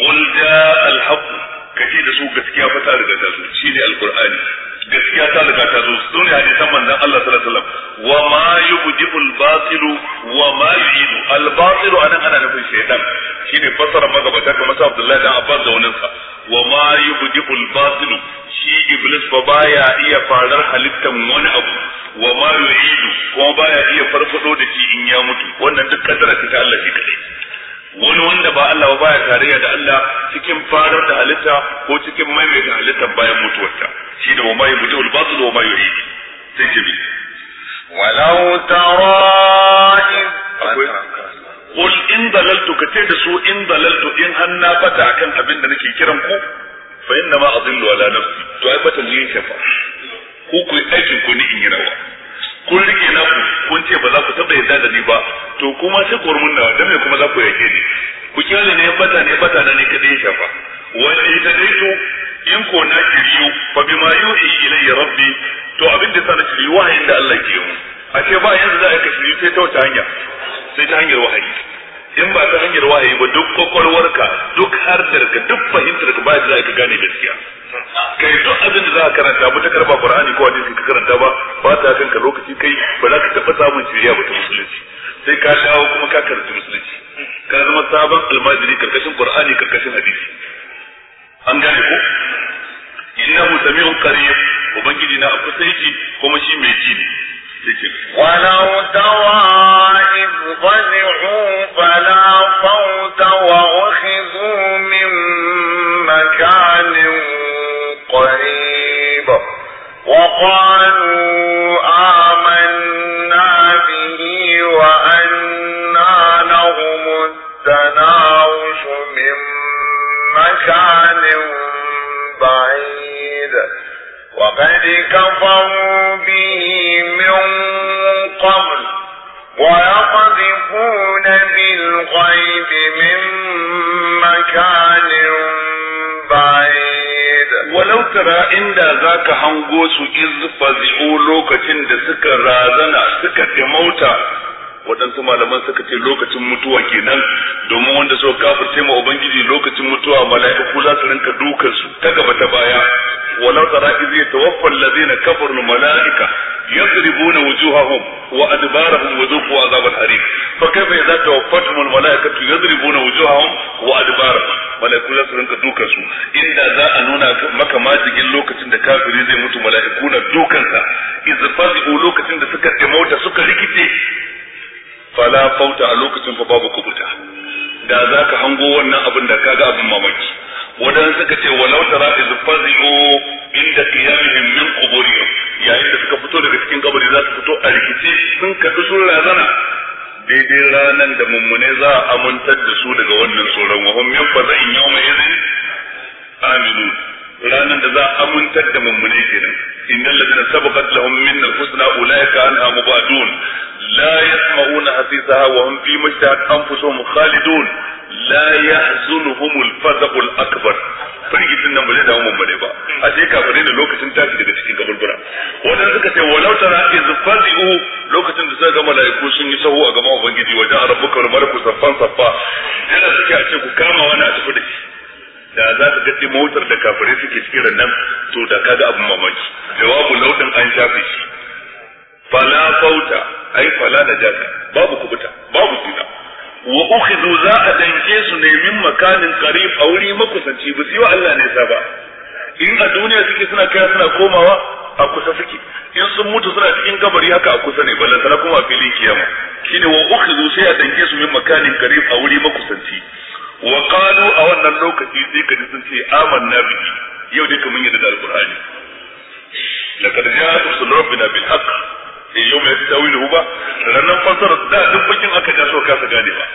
qul jaa al haqq kace da su gaskiya fa ta riga ta zo shine alqur'ani gaskiya ta riga ta zo su ne hadisan manzon Allah sallallahu alaihi wasallam wa ma yubdi'ul batilu wa ma yu'idu al batilu ana ana nufin shaytan shine fasara magabata kamar sa Abdullahi dan Abbas da wannan sa wa ma yubdi'ul batilu shi iblis ba baya iya farar halittan wani abu wa ma yu'idu kuma baya iya farfado da shi in ya mutu wannan duk kadara ta Allah shi kadai wani wanda ba Allah ba baya tarayya da Allah cikin farar da halitta ko cikin maimaita halittar bayan mutuwarta shi da wama yubti'ul batil wama yu'id sai ce bi walau tara qul in dalaltu kace da su in dalaltu in hanna fata akan abin da nake kiran ku fa inna ma adillu ala nafsi to ai fata ne ce fa ku ku aikin ku ni in yi rawa. kun rike na ku kun ce ba za ku taba yadda da ni ba to kuma sai ku rumun nawa dan me kuma za ku yake ni ku kiyale ne bata ne fata na ne kadai shafa wanda ita dai to in ko na kiriyo fa bima yuhi ilayya rabbi to abin da sanin kiriyu wahayin da Allah ke yi a ce ba yanzu za a ka kiriyu sai ta wata hanya sai ta hanyar wahayi in ba ta hanyar wahayi ba duk kwakwalwarka duk ka duk fahimtar ka ba za ka gane gaskiya kai duk abin da za ka karanta ba ta karba qur'ani ko hadisi ka karanta ba ba ta kanka lokaci kai ba za ka taba samun shiriya ba ta musulunci sai ka dawo kuma ka karanta musulunci ka zama sabon almajiri karkashin qur'ani karkashin hadisi an gane ko innahu sami'un qarib ubangiji na abu yake kuma shi mai ji ne ولو ترى إذ فزعوا فلا فوت وأخذوا من مكان قريب وقالوا آمنا به وأنا لهم التناوش من مكان بعيد وقد كفروا به من قبل ويقذفون بالغيب من مكان بعيد ولو ترى إن ذاك هنغوس إذ فزعوا لوكة سكر رازنا سكر موتا waɗansu malaman suka ce lokacin mutuwa kenan domin wanda so kafirce ma ubangiji lokacin mutuwa mala'iku za su rinka dukan su ta gaba ta baya walau tara ya tawaffa allazina kafaru al mala'ika yadribuna wujuhahum wa adbarahum wa dhuqu azab al hari fa kayfa idza tawaffatuhum al mala'ikatu yadribuna wujuhahum wa adbarahum mala'iku za su rinka dukan su inda za a nuna maka majigin lokacin da kafiri zai mutu mala'iku na dukansa sa fazi'u lokacin da suka mota suka rikice fala fauta a lokacin fa babu kubuta da za ka hango wannan abin da kaga abin mamaki wadan suka ce walau tara iz inda qiyamihim min quburihim yayin da suka fito daga cikin kabari za su fito a rikici sun kaɗu sun razana daidai ranan da mummune za a amintar da su daga wannan tsoron wa hum min faza'in yawma idhin aminu ranar da za a amintar da mummune kenan innal ladina sabaqat lahum minna al-husna ulaika anha mubadun la yasma'una hasisaha wa hum fi mashtahat anfusuhum khalidun la yahzunuhum al-fazaq al-akbar firgitin nan ba zai dawo mummune ba a sai kafirai da lokacin tashi daga cikin kaburbura wadanda suka ce walau tara iz fazi'u lokacin da suka ga malaiku sun yi sahu a gaban ubangiji wajen rabbuka wal malaku saffan saffa yana suke a ce ku kama wani a tafi da shi da za ka ga motar da kafirai suke cikin nan to da kaga abin mamaki jawabu lautin an shafe shi fala fauta ai fala jaka babu kubuta babu tsina wa ukhidhu za a danke su ne min makanin qarib a wuri makusanci ba su yi wa Allah ne sa ba in a duniya suke suna kai suna komawa a kusa suke in sun mutu suna cikin kabari haka a kusa ne balantana kuma a filin kiyama shine wa ukhidhu sai a danke su min makanin qarib a wuri makusanci wa qalu a wannan lokaci sai ka sun ce amanna bihi yau dai kamun yadda da alqur'ani laqad ja'a rusul rabbina bil haqq sai eh, yawma mai tawilu ba ranan fasara da duk bakin aka ga so kasa gane ba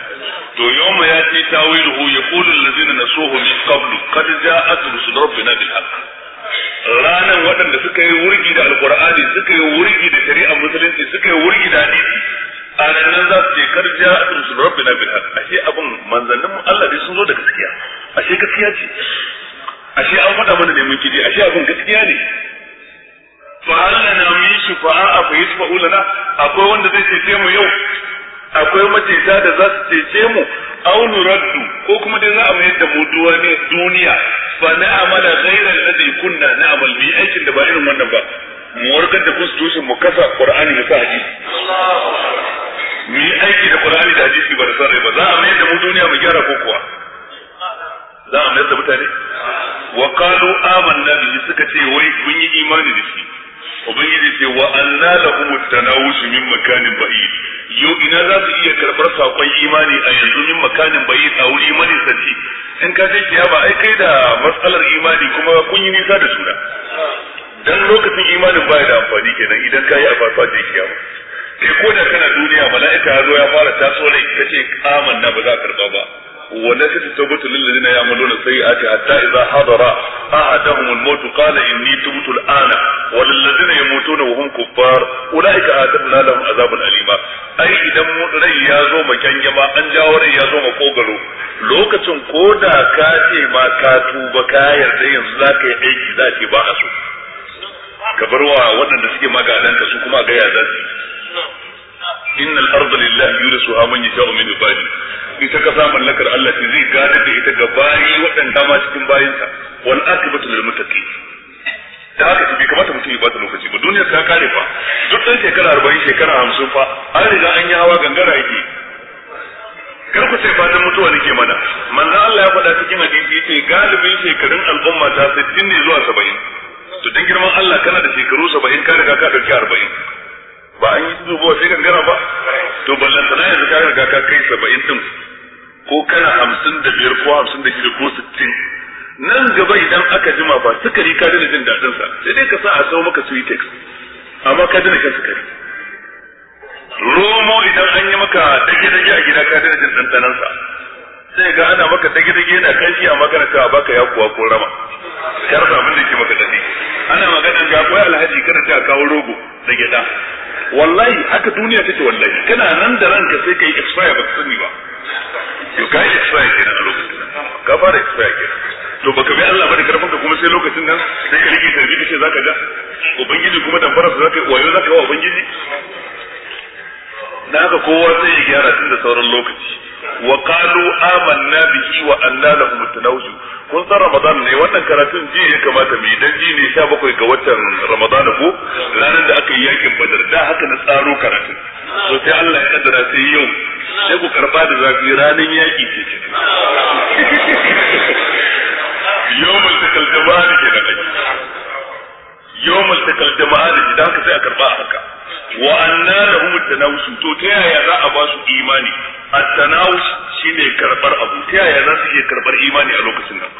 to yawma ya ce hu yaqulu alladhina nasuhu min qablu qad ja'a rusul rabbina bil haqq ranan waɗanda suka yi wurgi da alqur'ani suka yi wurgi da shari'ar musulunci suka yi wurgi da hadisi a nan za su ce kar ja a tursul rabbina bil ashe abin manzannin mu Allah dai sun zo da gaskiya ashe gaskiya ce ashe an faɗa mana ne mun kiji ashe abin gaskiya ne fa Allah na mu yi shufa'a a fa yusfa'u lana akwai wanda zai cece mu yau akwai mateta da za su cece mu aw nuraddu ko kuma dai za a mayar da mu duniya fa amala ghayra alladhi kunna na'mal bi aikin da ba irin wannan ba mu warkar da constitution mu kasa qur'ani da sa hadisi mu yi aiki da qur'ani da hadisi ba da san rai ba za a mai da mu duniya mu gyara ko kuwa za a mayar da mutane wa qalu amanna bihi suka ce wai kun yi imani da shi ubangiji ce wa anna lahum at-tanawush min makanin ba'id yau ina za su iya karbar sakon imani a yanzu min makanin ba'id a wuri mani sace in ka ya ba ai kai da matsalar imani kuma kun yi nisa da juna dan lokacin imanin baya da amfani kenan idan ka yi a da ya kai ko da kana duniya mala'ika ya zo ya fara ta tsore ka ce kaman na ba za a karba ba wa na kace tabbatu lil ladina ya'maluna sayyi'ati hatta idza hadara ahadahum al-maut qala inni tubtu al-ana wa lil ladina yamutuna wa hum kuffar ulaika atabna lahum azabun alima ai idan rai ya zo ma kyanje ba an jawo rai ya zo ma kogaro lokacin ko da ka ce ma ka tuba ka yarda yanzu za ka yi aiki za ba a su ka bar wa waɗanda suke ka su kuma ga ya za su inna al-ard lillah yurisuha man yasha'u min ibadi ita kasa mallakar Allah ce zai gada da ita ga bayi waɗanda ma cikin bayinsa wal akibatu lil muttaqin da haka tafi kamata mutum ya bata lokaci ba duniyar ta kare fa duk ɗan shekara arba'in shekara hamsin fa an riga an yi hawa gangara yake kar ku fatan mutuwa nake mana manzo Allah ya faɗa cikin hadisi yace galibin shekarun al'umma ta 60 ne zuwa 70 to din girman Allah kana da shekaru 70 ka riga ka dauki 40 ba an yi zubo sai kan gara ba to ballan sana yanzu ka riga ka kai 70 din ko kana 55 ko 56 ko 60 nan gaba idan aka jima ba sukari ka dana jin dadin sa sai dai ka sa a sau maka text amma ka dana kan sukari romo idan an yi maka dage dage a gida ka dana jin dandanan sai ga ana maka dage dage yana kashi a magana a baka ya kuwa ko rama kar rasa mun da yake maka dadi. ana magana ga koyi alhaji kada ta kawo rogo da gida wallahi haka duniya take wallahi kana nan da ranka sai kai expire baka sani ba to kai expire kenan a lokacin ka fara expire kenan to baka bi Allah da karfin ka kuma sai lokacin nan sai ka rike tarbi kace zaka ga ubangiji kuma dan su zaka wayo zaka wa ubangiji dan haka kowa sai ya gyara tun da sauran lokaci wa qalu amanna bihi wa anna lahum at kun san ramadan ne wannan karatun ji ya kamata mu yi dan ji ne 17 ga watan ramadan ko ranar da aka yi yakin badar da haka na tsaro karatun to sai Allah ya kaddara sai yau sai ku karba da zafi ranar yaki ce yau mai takalta ba kenan yawmul takal jama'an da haka sai a karba haka wa anna lahum tanawus to ta yaya za a ba su imani at shine karbar abu ta yaya za su karbar imani a lokacin nan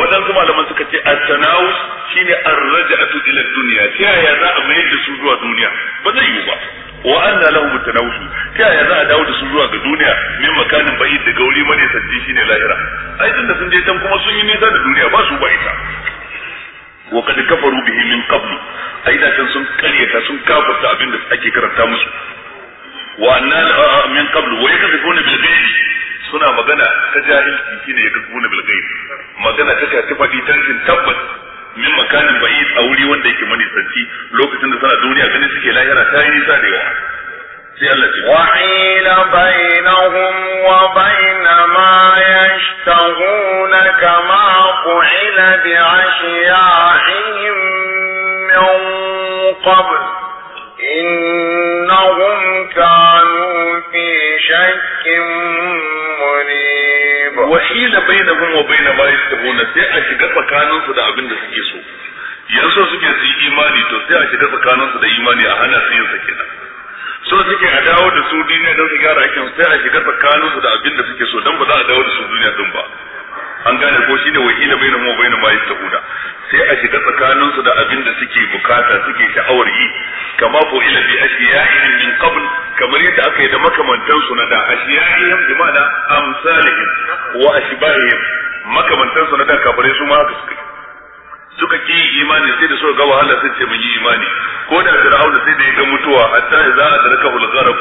waɗansu malaman suka ce at-tanawus shine ar-raj'atu ila ad ta yaya za a mayar da su zuwa duniya ba zai yiwu ba wa anna lahum at-tanawus ta yaya za a dawo da su zuwa ga duniya min makanin bai daga wuri mane sanji shine lahira ai tunda sun je can kuma sun yi nisa da duniya ba su ba ita wa kad kafaru bihi min qablu ai sun karyata sun kafarta abin da ake karanta musu wa annal min qablu wa yakzifuna bil ghaibi suna magana ta jahilci shine yakzifuna bil ghaibi magana ta ta fadi tantin tabbas min makanin ba'id a wuri wanda yake manisanci lokacin da suna duniya ganin suke lahira ta yi nisa da yawa وحيل بينهم وبين ما يشتهون كما فعل بعشياعهم من قبل إنهم كانوا في شك مريب وحيل بينهم وبين ما يشتهون سيأتي كانوا فدا أبن سكيسو yanzu suke su yi imani to sai a shiga tsakaninsu da imani a hana su yin sa kenan so suke a dawo da su duniya don su gyara aikin sai a shiga tsakanin su da abin da suke so don ba za a dawo da su duniya din ba an gane ko shine wakila bainahum wa bainahum ma huda. sai a shiga tsakanin su da abin da suke bukata suke sha'awar yi kama ko ila bi ashiya'in min qabl kamar yadda aka yi da makamantan su na da ashiya'in bi ma'ana amsalihim wa ashbahihim makamantan su na da kabare su ma haka suke suka ki imani sai da suka ga wahala sai ce mun yi imani ko da fir'aun sai da ya ga mutuwa hatta idza adrakahu tarka gharq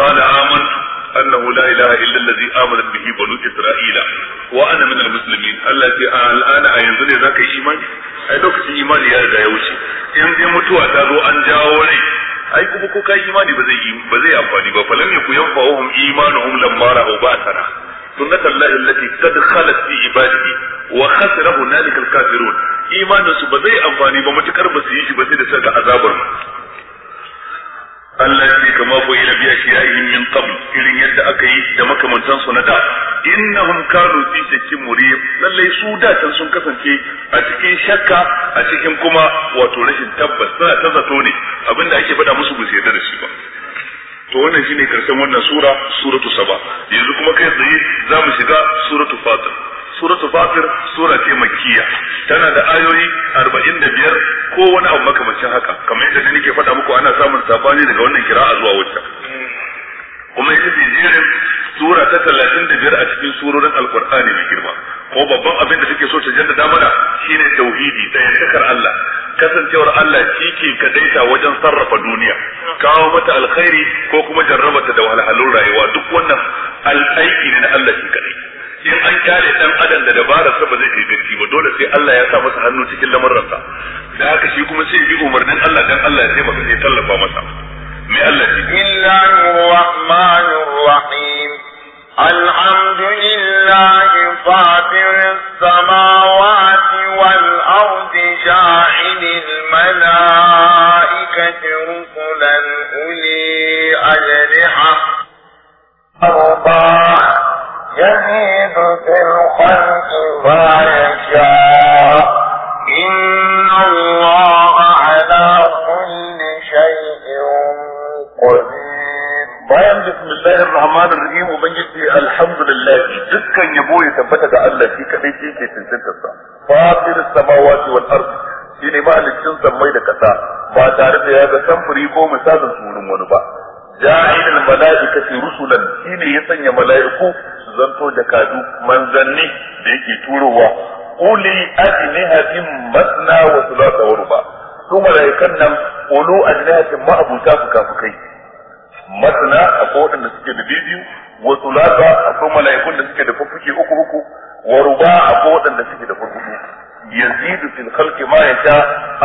qala amantu annahu la ilaha illa allazi amana bihi banu isra'ila wa ana min al Allah ce a al'ana a yanzu ne zaka yi imani ai lokacin imani ya riga ya wuce in dai mutuwa ta zo an jawo rai ai kuma ko kai imani ba zai ba zai amfani ba falam yakun yanfa'uhum imanuhum lamma ra'u ba'sana sunnat Allah allati qad khalat fi ibadihi wa khasira hunalika al-kafirun imanin su ba zai amfani ba matukar ba su yi shi ba sai da saka azabar allati kama ko ila biya shi'aihim min qabl irin yadda aka yi da makamantan su na da innahum kanu fi shakkin murib lallai su da can sun kasance a cikin shakka a cikin kuma wato rashin tabbas suna ta zato ne abinda ake faɗa musu ba su da shi ba to wannan shine karshen wannan sura suratu saba yanzu kuma kai tsaye za mu shiga suratu fatir suratu fatir sura ce makkiya tana da ayoyi 45 ko wani abu makamacin haka kamar yadda nake faɗa muku ana samun sabani daga wannan kira'a zuwa wacce kuma ita ce jerin sura ta 35 a cikin surorin alkur'ani mai girma ko babban abin da take so ta jaddada mana shine tauhidi da Allah kasancewar Allah shi ke kadaita wajen sarrafa duniya kawo mata alkhairi ko kuma jarrabata da wahalhalun rayuwa duk wannan al'aiki ne na Allah shi kadai in an kyale dan adam da dabararsa ba zai iya gaci ba dole sai Allah ya sa masa hannu cikin sa. da haka shi kuma sai bi umarnin Allah dan Allah ya taimaka sai tallafa masa me Allah shi bismillahir rahmanir rahim الحمد لله فاطر السماوات والأرض جاعل الملائكة رسلا أولي أجرحة أربعة يزيد في الخلق فاعل bismillahir rahmanir rahim ubangiji alhamdulillah dukkan yabo ya tabbata ga Allah shi kadai shi ke tantantar sa fatir samawati wal ard shi ne mahalicin sammai da kasa ba tare da ya ga samfuri ko misalin sunan wani ba ja'il al malaikati rusulan shi ne ya sanya mala'iku su zanto jakadu manzanni da yake turowa quli ajnihatin masna wa thulatha wa ruba su mala'ikan nan qulu ajnihatin ma'abuta fuka fukai masana akwai waɗanda suke da biyu wa sulasa akwai mala'ikun da suke da fuffuke uku uku wa ruba akwai waɗanda suke da fuffuke yazidu fil khalqi ma yasha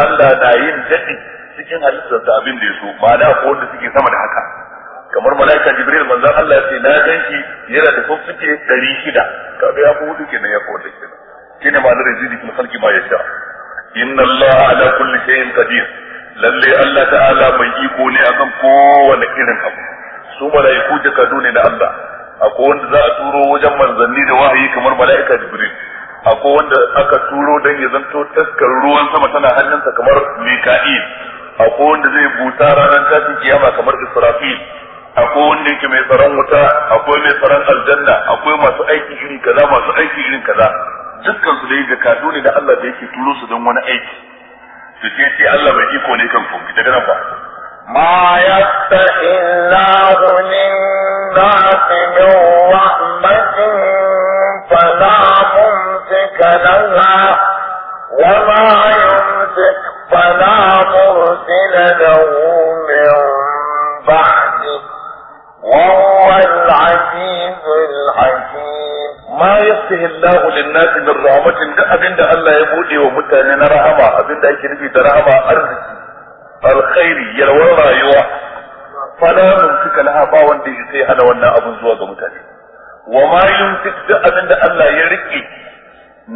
Allah na yin dadi cikin halittar da abin da yaso ma'ana akwai wanda suke sama da haka kamar mala'ika jibril manzon Allah ya ce na ganki yana da fuffuke 600 kaga ya fi hudu nan ya fi wanda kenan shine ma'anar yazidu fil khalqi ma yasha inna Allah ala kulli shay'in qadir lalle Allah ta'ala mai iko ne a kan kowane irin abu su mala'iku jakadu ne da Allah akwai wanda za a turo wajen manzanni da wahayi kamar mala'ika jibril akwai wanda aka turo don ya zanto taskar ruwan sama tana hannunsa kamar mika'il akwai wanda zai buta ranar tashin kiyama kamar israfil akwai wanda yake mai tsaron wuta akwai mai tsaron aljanna akwai masu aiki iri kaza masu aiki irin kaza dukkan su yi jakadu ne da Allah da yake turo su don wani aiki su ce shi Allah mai iko ne kan ku daga nan ba ma yastahi Allahu min nasi min rahmatin fala mumsika laha wa ma yumsik fala ma yaftahi Allahu lin-nas min rahmatin abinda Allah ya buɗe wa mutane na rahama abinda ake nufi da rahama arziki alkhairi yalwar rayuwa fala mumsika laha ba wanda ya wa ma yumsik da abinda Allah ya rike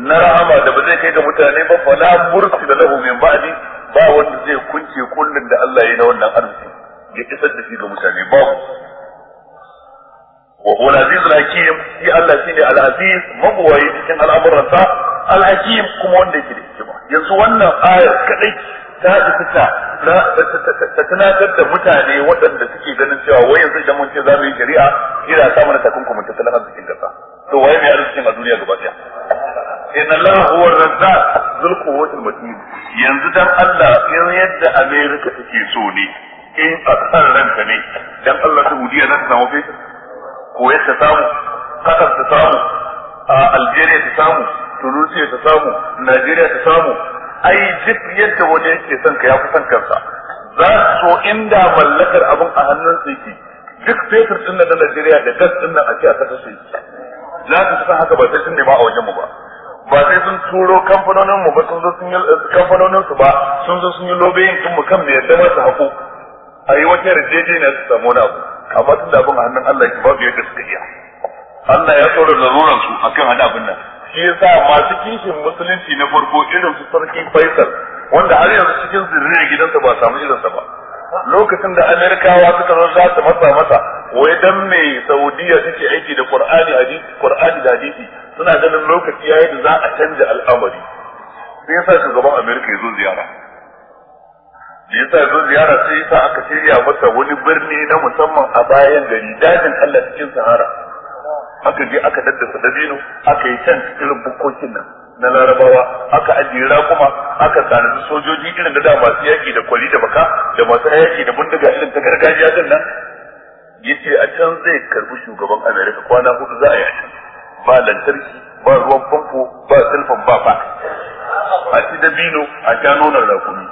na rahama da ba zai kai ga mutane ba fala mursila lahu min ba'di ba wanda zai kunce kullun da Allah ya na wannan arziki ya isar ga wa huwa al-aziz al-hakim shi Allah shine al-aziz mabuwayi cikin al'amuransa al kuma wanda yake da hikima yanzu wannan ayar kadai ta fita ta tunatar da mutane waɗanda suke ganin cewa wai yanzu idan mun ce za mu yi shari'a ina samun takunkumin tattalin arzikin ƙasa to waye mai arzikin a duniya gaba ɗaya in Allah huwa razzaq zul quwwatil matin yanzu Allah yadda so ne a ne Allah ta fetur kuwait ta samu qatar ta samu algeria ta samu tunisia ta samu nigeria ta samu ai duk yadda wani yake son ka ya fi son kansa za su so inda mallakar abin a hannun su yake duk fetur din na Najeriya da gas din nan a ce a kasa su za su san haka ba sai sun nema a wajen mu ba ba sai sun turo kamfanonin mu ba sun zo sun yi kamfanonin su ba sun zo sun yi lobeyin din mu kan me yadda su haƙo a yi wata yarjejeniya su samu na abu amma tun da abin hannun Allah ke babu yadda suka iya Allah ya tsoron laruran su kan hada abin nan shi yasa masu kishin musulunci na farko irin su sarki Faisal wanda har yanzu cikin zirriyar gidansa ba samu irinsa ba lokacin da Amerikawa suka zo za su masa masa wai dan me Saudiya suke aiki da Qur'ani hadisi da hadisi suna ganin lokaci yayi da za a canja al'amari sai yasa shugaban Amerika ya zo ziyara ya yasa zo ziyara sai sa aka shirya masa wani birni na musamman a bayan gari dajin Allah cikin Sahara aka je aka daddasa dabino aka yi can irin bukkokin nan na larabawa aka ajiye kuma aka tsanani sojoji irin da da masu yaki da kwali da baka da masu yaki da bindiga irin ta gargajiya din nan yace a can zai karbi shugaban Amerika kwana hudu za a yi a can ba lantarki ba ruwan famfo ba silfan ba fa a ci bino a sha nonon rakumi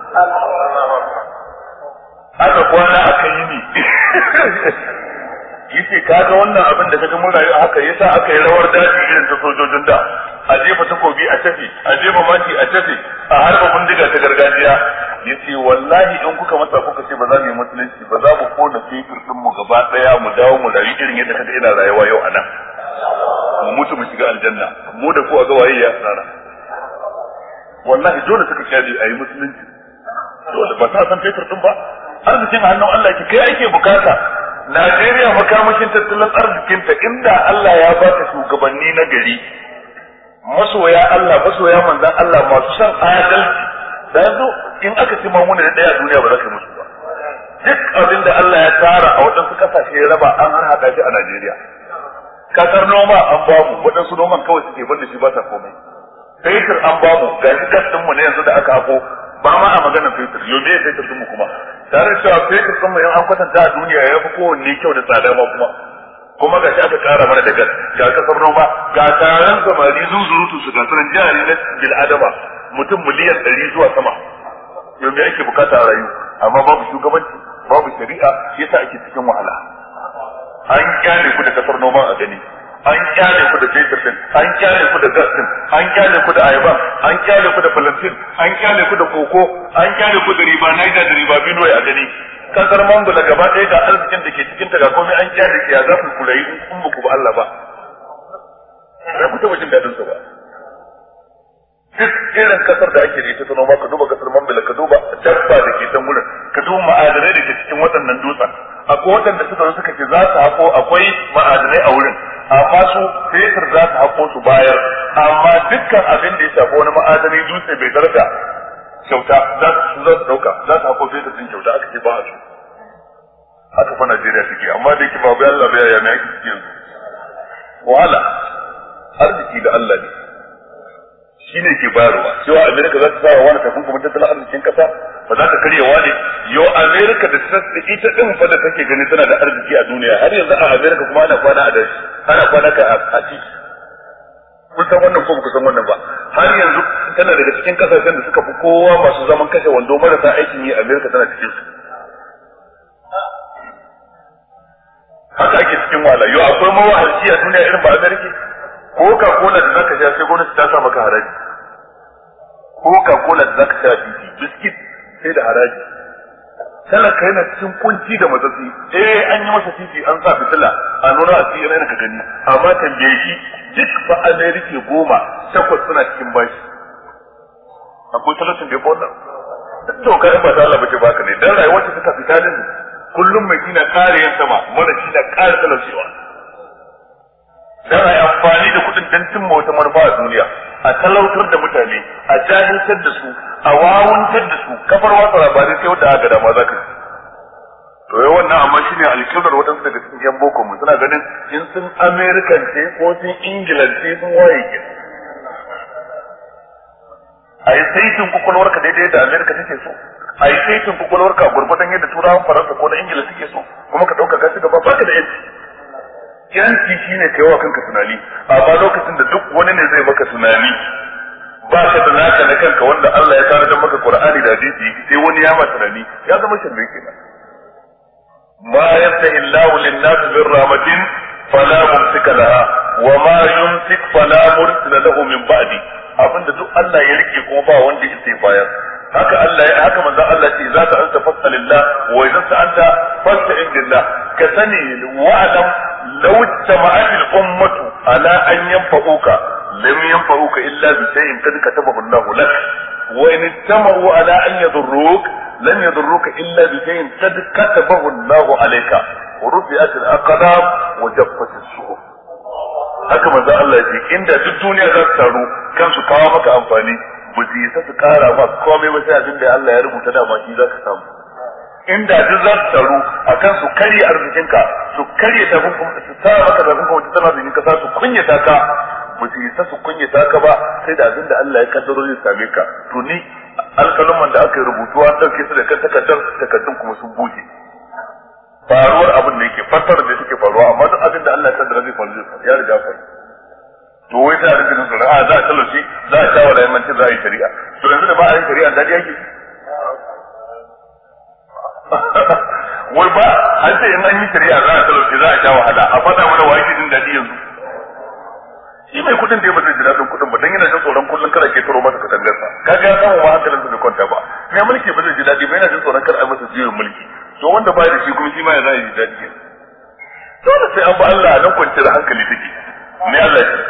aka kwana aka yi ne yace kaga wannan abin da kaga mun rayu haka yasa aka yi rawar daji irin ta sojojin da a jefa takobi a tafi a jefa maki a tafi a harba bindiga ta gargajiya yace wallahi in kuka masa kuka ce ba za mu yi musulunci ba za mu kona fikir din mu gaba daya mu dawo mu rayu irin yadda kaga ina rayuwa yau anan mu mutu mu shiga aljanna mu da ku a ga waye ya tsara wallahi dole suka kyale ayi musulunci dole ba ta san fetur tun ba arzikin hannun Allah ki kai ake bukata Najeriya makamashin tattalin ta inda Allah ya ta shugabanni na gari masoya Allah masoya manzan Allah masu san adalci da yanzu in aka ci mamuna da daya duniya ba za ka musu ba duk abin da Allah ya tara a waɗansu ƙasashe ya raba an har haɗa shi a Najeriya kakar noma an bamu waɗansu noman kawai suke banda shi ba ta komai fetur an bamu ga shi gas mu ne yanzu da aka hako ba ma a maganar fetur yau ya fetur din mu kuma tare cewa fetur din mu in an kwatanta a duniya ya fi kowanne kyau da tsada ma kuma kuma ga shi aka kara mana da gas ga kasar noma ga taron samari zuzurutu su ga sunan jihar na bil adama mutum miliyan ɗari zuwa sama yau ne ake bukata a rayu amma babu shugabanci babu shari'a yasa ake cikin wahala an kyale ku da kasar noma a gani an kyale ku da Jibir din an kyale ku da gas din an kyale ku da ayaba an kyale ku da Palestine an kyale ku da koko an kyale ku da riba Niger da riba bino a gani kasar Mangula gaba ɗaya ga arzikin da ke cikin ta ga komai an kyale ki ya za ku kurayi in ba ku ba Allah ba ba ku taɓa jin daɗin ba duk irin kasar da ake da ita ta noma ka duba kasar Mangula ka duba dabba da ke can wurin ka duba ma'adanai da ke cikin waɗannan dutsen akwai waɗanda suka zo suka ce za su haƙo akwai ma'adanai a wurin amma su fetur za su haƙo su bayar amma dukkan abin da ya shafi wani ma'adani dutse bai darga kyauta za su za za su haƙo fetur din kyauta aka ce ba su haka fa Najeriya take amma da yake babu Allah bai ya mai yake yanzu wahala arziki da Allah ne shi ne ke bayarwa cewa amerika za ta sa wa wani kafin kuma tattalin arzikin kasa ba za ta wa ne yau amerika da ita din fa da take gani tana da arziki a duniya har yanzu a amerika kuma ana kwana a dashi ana kwana ka a ciki. kun san wannan ko kusan wannan ba har yanzu tana daga cikin kasashen da suka fi kowa masu zaman kashe wando marasa aikin yi amerika tana cikin su haka ake cikin yau akwai mawahalci a duniya irin ba amerika Ko ka kola da zaka sha sai gwamnati ta sa maka haraji Ko ka kola da zaka sha bibi biskit sai da haraji ka yana cikin kunci da matsatsi eh an yi masa titi an sa fitila a nuna a cikin ka gani amma tambaye shi duk ba rike goma takwas suna cikin bashi akwai talatin da ya to kai ba ta Allah bace baka ne dan rayuwar ta fita ne kullum mai na kare yan sama mana shi da kare talaucewa dan ai amfani da kudin dan cimma wata manufa a duniya a talautar da mutane a jahiltar da su a wawuntar da su kafar watsa labarai sai wanda aka dama zaka to yau wannan amma shine alkiblar waɗansu daga cikin yan boko mu suna ganin in sun american ce ko sun england ce sun waye ke a yi saitin kwakwalwarka daidai da america take so a yi saitin kwakwalwarka gurbatan yadda turawan faransa ko na ingila suke so kuma ka dauka ka ci gaba baka da yanci yanci ne kai wa kanka tunani amma lokacin da duk wani ne zai maka tunani ba ka da naka na kanka wanda Allah ya tare da maka Qur'ani da hadisi sai wani ya ma tunani ya zama shirme kenan ma yastahi Allahu lin-nas min rahmatin fala mumsika laha wa ma yumsik fala mursila lahu min ba'di abinda duk Allah ya rike kuma ba wanda yake bayar haka Allah ya haka manzo Allah ce za ka anta fasalillah wa idan sa anta fasta'in billah ka sani wa'alam law jama'at ummatu ala an yanfa'uka lam yanfa'uka illa bi shay'in kad katabahu Allah lak wa in tamaru ala an yadurruk lam yadurruka illa bi shay'in kad katabahu Allah alayka ورفعت الأقلام وجفت السهول haka manzo Allah ya ce inda duk duniya za ta taru kansu kawo maka amfani ba su isa su kara ba komai ba sai abin da Allah ya rubuta dama maki za ka samu inda duk za su taru a kan su karye arzikinka su karye tafin su sa maka tafin kuma tana da ka sa su kunyata ka ba su isa su kunyata ka ba sai da abin da Allah ya kaddaro zai same ka to ni alkalin da aka yi rubutuwa an ɗauke su da kan takardar takardun kuma sun buge. faruwar abin da yake fatar da suke faruwa amma duk abin da Allah ya kaddara zai faru ya riga faru to wai sai a rufe da tsoron a za a talauci za a sha da yammanci za a yi shari'a to yanzu da ba a yi shari'a da yake wai ba an ce in an yi shari'a za a talauci za a sha wahala a faɗa mana wa yake jin daɗi yanzu shi mai kuɗin da ya bazai ji daɗin kuɗin ba dan yana jin tsoron kullum kada ke turo masa sa kaga ya samu ma hankalinsa bai kwanta ba mai mulki ba zai ji daɗi ba yana jin tsoron kar a masa jiwon mulki to wanda ba da shi kuma shi ma ya za ji daɗi dole sai an ba Allah nan kwanciyar hankali take ne Allah ya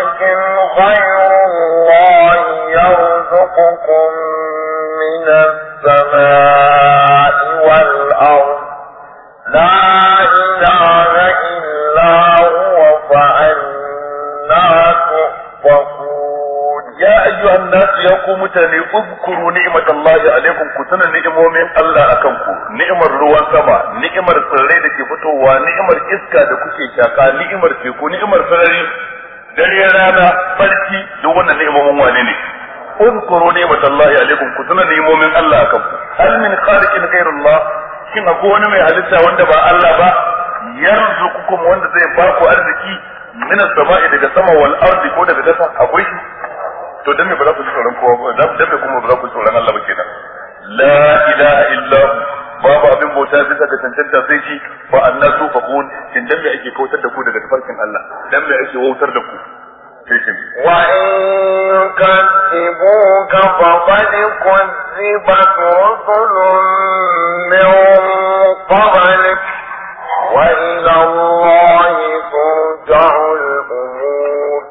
ayyuhan nas ya ku mutane uzkuru ni'matallahi alaikum ku tuna ni'imomin Allah akan ku ni'imar ruwan sama ni'imar tsirrai da ke fitowa ni'imar iska da kuke shaka ni'imar teku ni'imar sarari dare rana barci duk wannan ni'imomin wane ne uzkuru ni'matallahi alaikum ku tuna ni'imomin Allah akan ku hal min khaliqin ghayrullah shin akwai wani mai halitta wanda ba Allah ba yarzuqukum wanda zai ba ku arziki min as-sama'i daga sama wal ardi ko daga kasa akwai shi to dan me ba za ku tsoron kowa ba dan me kuma ba za ku tsoron Allah ba kenan la ilaha illa babu abin bauta bisa ga tantanta sai shi fa annasu faqul kin dan me ake kautar da ku daga tafarkin Allah dan me ake wautar da ku وإن كذبوك فقد كذبت رسل من قبلك وإلى الله ترجع الأمور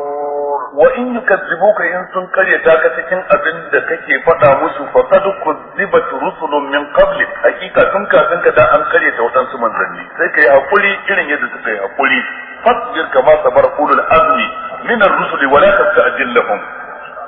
wa in ka in sun karyata ka cikin abin da kake faɗa musu fa qad kuzzibat rusulun min qablik hakika tun kafin ka da an karyata wadansu manzanni sai kai hakuri irin yadda suka yi hakuri fasbir kama sabar ulul azmi min ar-rusuli wa la tasta'jilhum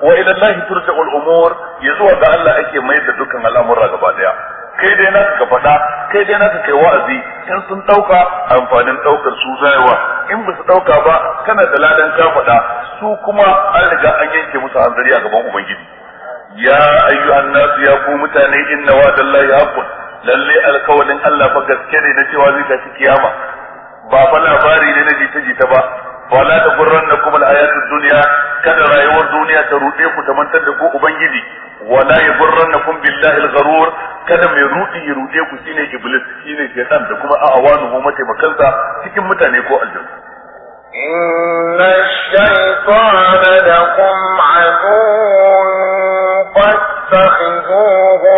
wa ila Allah turja'ul umur yazuwa ga Allah ake mai da dukkan al'amura gaba daya kai dai naka ka faɗa kai dai naka kai wa'azi in sun ɗauka amfanin ɗaukar su zayawa in ba su ɗauka ba kana da ladan ka faɗa su kuma an riga an yanke musu hanzari a gaban ubangiji ya ayyuhan ya ku mutane inna wa'dallahi haqqun lalle alkawalin Allah fa gaske ne na cewa zai tafi kiyama ba fa labari ne na jita jita ba wala ta gurran da kuma al'ayatun duniya kada rayuwar duniya ta ruɗe ku ta mantar da ku ubangiji wala ya gurran da kun billahi al-gharur kada mai ruɗi ya ruɗe ku shine iblis shine shaytan da kuma a'awanu ko mataimakansa cikin mutane ko aljanu إن الشيطان لكم عدو فاتخذوه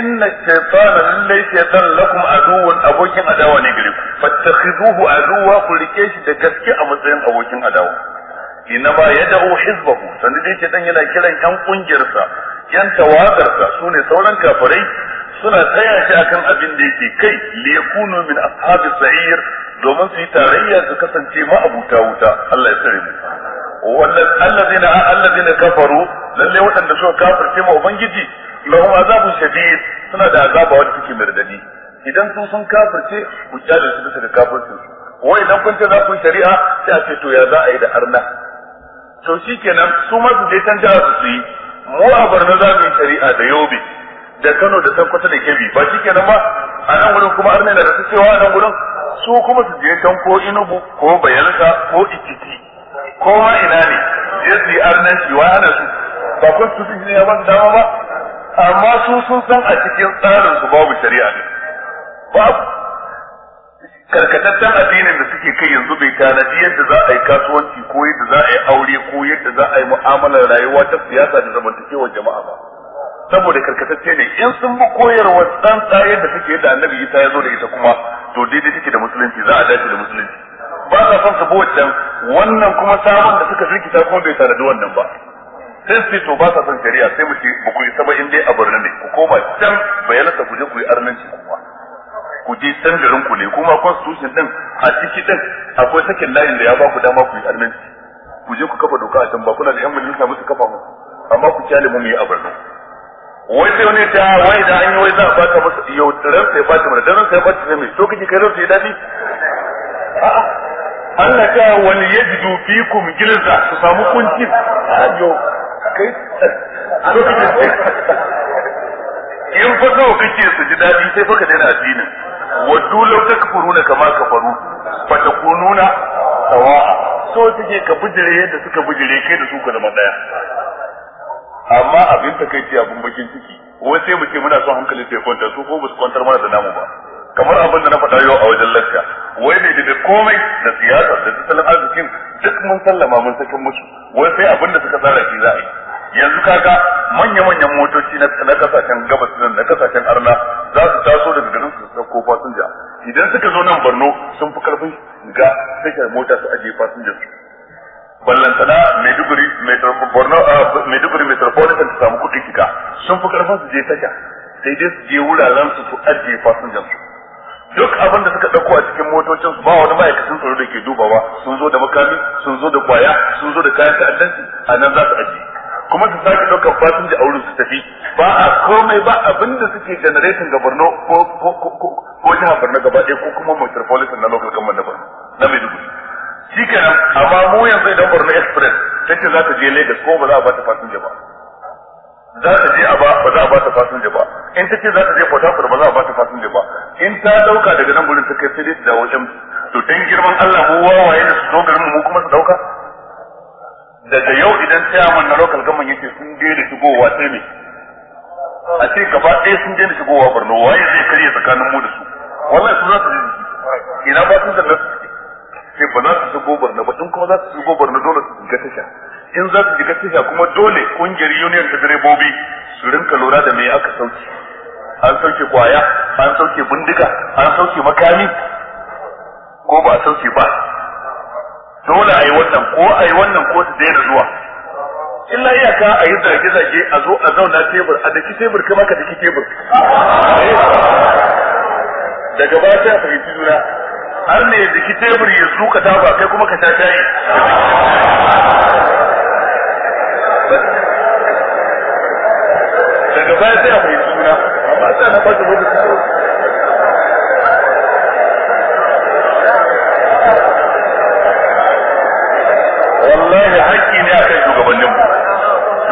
inna shaytana lallai shaytan lakum aduwwun abokin adawa ne gare ku fattakhizuhu aduwa ku rike shi da gaske a matsayin abokin adawa inna ma yad'u hizbahu sanin dai shaytan yana kiran yan kungiyarsa yan tawagarsa sune sauran kafirai suna tsaya shi akan abin da yake kai liyakunu min ashabis sa'ir domin su yi tarayya su kasance ma'abuta wuta Allah ya tsare wannan allazina allazina kafaru lalle waɗanda suka kafirce ma ubangiji lahum azabun shadid suna da azaba wanda suke mardadi idan su sun kafirce ku kyale su bisa ga kafircin su wai idan kun ce za ku shari'a sai a ce to ya za a yi da arna to shikenan su ma su je can jihar su su yi mu a barna za mu yi shari'a da yobe da Kano da Sokoto da Kebbi ba shikenan ba a nan gurin kuma arna na da su cewa a nan gurin su kuma su je can ko Inugu ko Bayelsa ko Ikiti ko ma ina ne je su yi arnan shi wa ana su ba kun su ne ya ba dama ba amma su sun san a cikin tsarin su babu shari'a ne babu karkataccen addinin da suke kai yanzu bai tanadi yadda za a yi kasuwanci ko yadda za a yi aure ko yadda za a yi mu'amalar rayuwa ta siyasa da zamantakewar jama'a ba saboda karkatacce ne in sun bi koyarwar san tsayar da suke yadda annabi Isa ya zo da ita kuma to daidai take da musulunci za a dace da musulunci ba sa son su bi wannan kuma sabon da suka rikita kuma bai tanadi wannan ba sai su to ba sa son shari'a sai mu ce ba ku yi saba in dai a birnin ne ku koma can lasa ku je ku yi arnanci ba ku je can garin ku ne kuma constitution din a ciki din akwai sakin layin da ya ba ku dama ku yi arnanci ku je ku kafa doka a can ba kuna da yan majalisa musu kafa mu amma ku kyale mu mu yi a birnin wai sai wani ta ah, wai da an yi wai za a baka masa yau ran sai bata mana ran sai bata mai to kike kai ran sai dadi Allah ta yaji yajidu fikum gilza su samu kunci ajo kai a lokacin in fa kawo kake su ji daɗi sai fa ka daina addinin waddu kamar ka kama kafaru fa takununa sawa'a so suke ka bujire yadda suka bujire kai da su ka zama daya amma abin ta ce abin bakin ciki wai sai mu ce muna son hankali sai kwantar su ko ba su kwantar mana da namu ba kamar abin da na faɗa yau a wajen lakka wai ne da komai da siyasa da tattalin arzikin duk mun sallama mun sakin musu wai sai abin da suka tsara shi za a yi yanzu kaga manya-manyan motoci na kasashen gabas na kasashen arna za su taso daga garin su sauko fasinja idan suka zo nan borno sun fi karfin ga tashar mota su ajiye fasinja su ballantana maiduguri borno ah, maiduguri metropolitan su samu kudin kika sun fi karfin su je tasha sai dai su je wuraren su su ajiye fasinjan su duk abin da suka dauko a cikin motocin ba wani ma'aikacin tsaro da ke dubawa sun zo da makami sun zo da kwaya sun zo da kayan ta'addanci a nan za su ajiye kuma su sake ɗaukar fasinja a wurin su tafi ba a komai ba abinda suke generation ga Borno ko ko ko ko jihar Borno gaba ɗaya ko kuma metropolitan na local government na Borno na Maiduguri shi kenan amma mu yanzu idan Borno Express tace za ta je Lagos ko ba za a ba ta fasinja ba za ta je a ba ba za a ba ta fasinja ba in tace za ta je Port Harcourt ba za a ba ta fasinja ba in ta dauka daga nan gurin ta kai sai da wajen to dan girman Allah mu wawaye da su zo garin mu kuma su dauka daga yau idan chairman na local government yake sun daina shigowa sai me a ce gaba ɗaya sun daina shigowa Borno waye zai karya tsakanin mu da su wallahi su za su ji ina ba sun zanna su ce ba za su shigo Borno ba in kuma za su shigo Borno dole su shiga tasha in za su shiga tasha kuma dole kungiyar union ta direbobi su rinka lura da me aka sauke an sauke kwaya an sauke bindiga an sauke makami ko ba a sauke ba dole a yi wannan ko a yi wannan ko su daina zuwa illa iyaka a yi zage-zage a zo a zauna tebur a daki tebur kuma ka daki tebur daga ba ta fahimci juna har ne ya daki tebur ya zo ka ba kai kuma ka ta daga baya sai a fahimci juna amma sai na ba ta wani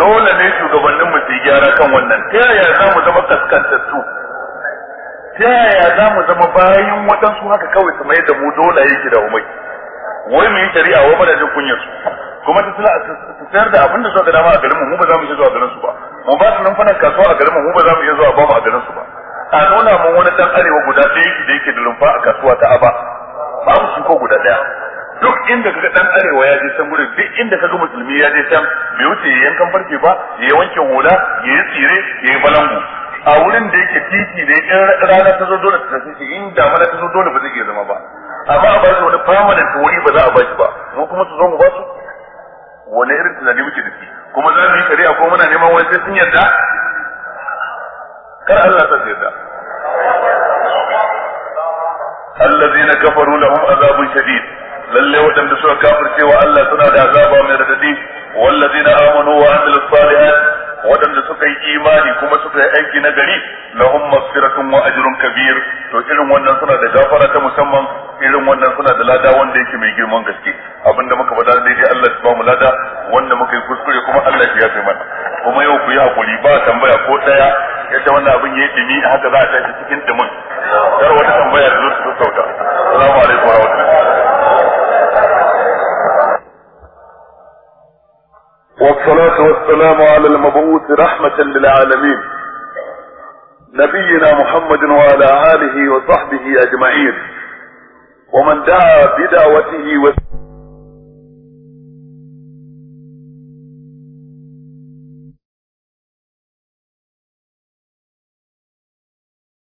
dole ne shugabannin mu su gyara kan wannan ta yaya za mu zama kaskantattu ta yaya za mu zama bayan waɗansu haka kawai su mai da mu dole yi da umai wai mu yi shari'a wa ba da jin kunyar su kuma ta sayar da abin da gada dama a garin mu mu ba za mu iya zuwa garin su ba mu ba su fanar kasuwa a garin mu mu ba za mu iya zuwa ba mu a garin su ba a nuna mun wani dan arewa guda ɗaya da yake da lumfa a kasuwa ta aba ba mu su ko guda ɗaya duk inda kaga dan arewa ya je can gurin duk inda kaga musulmi ya je can bai wuce ya yankan farce ba ya wanke hula ya yi tsire ya yi balangu a wurin da yake titi ne in rana ta zo dole ta tafi in damana ta zo dole ba zai iya zama ba amma a bashi wani permanent wuri ba za a bashi ba mu kuma su zo mu basu wani irin tunani muke da shi kuma za mu yi shari'a ko muna neman wani sai sun yarda kar Allah ta yarda الذين كفروا لهم عذاب شديد lalle waɗanda suka kafirce wa Allah suna da azaba mai radadi wallazina amanu wa amilus salihat waɗanda suka yi imani kuma suka yi aiki na gari lahum maghfiratun wa ajrun kabir to irin wannan suna da gafara ta musamman irin wannan suna da lada wanda yake mai girman gaske abinda muka faɗa daidai Allah ya ba mu lada wanda muka yi kuskure kuma Allah ya yafe mana kuma yau ku yi hakuri ba tambaya ko ɗaya yadda wannan abin ya yi dimi haka za a tashi cikin dimin kar wata tambaya da zo su sauta assalamu alaikum wa rahmatullahi والصلاة والسلام على المبعوث رحمة للعالمين نبينا محمد وعلى آله وصحبه أجمعين ومن دعا بدعوته وسلم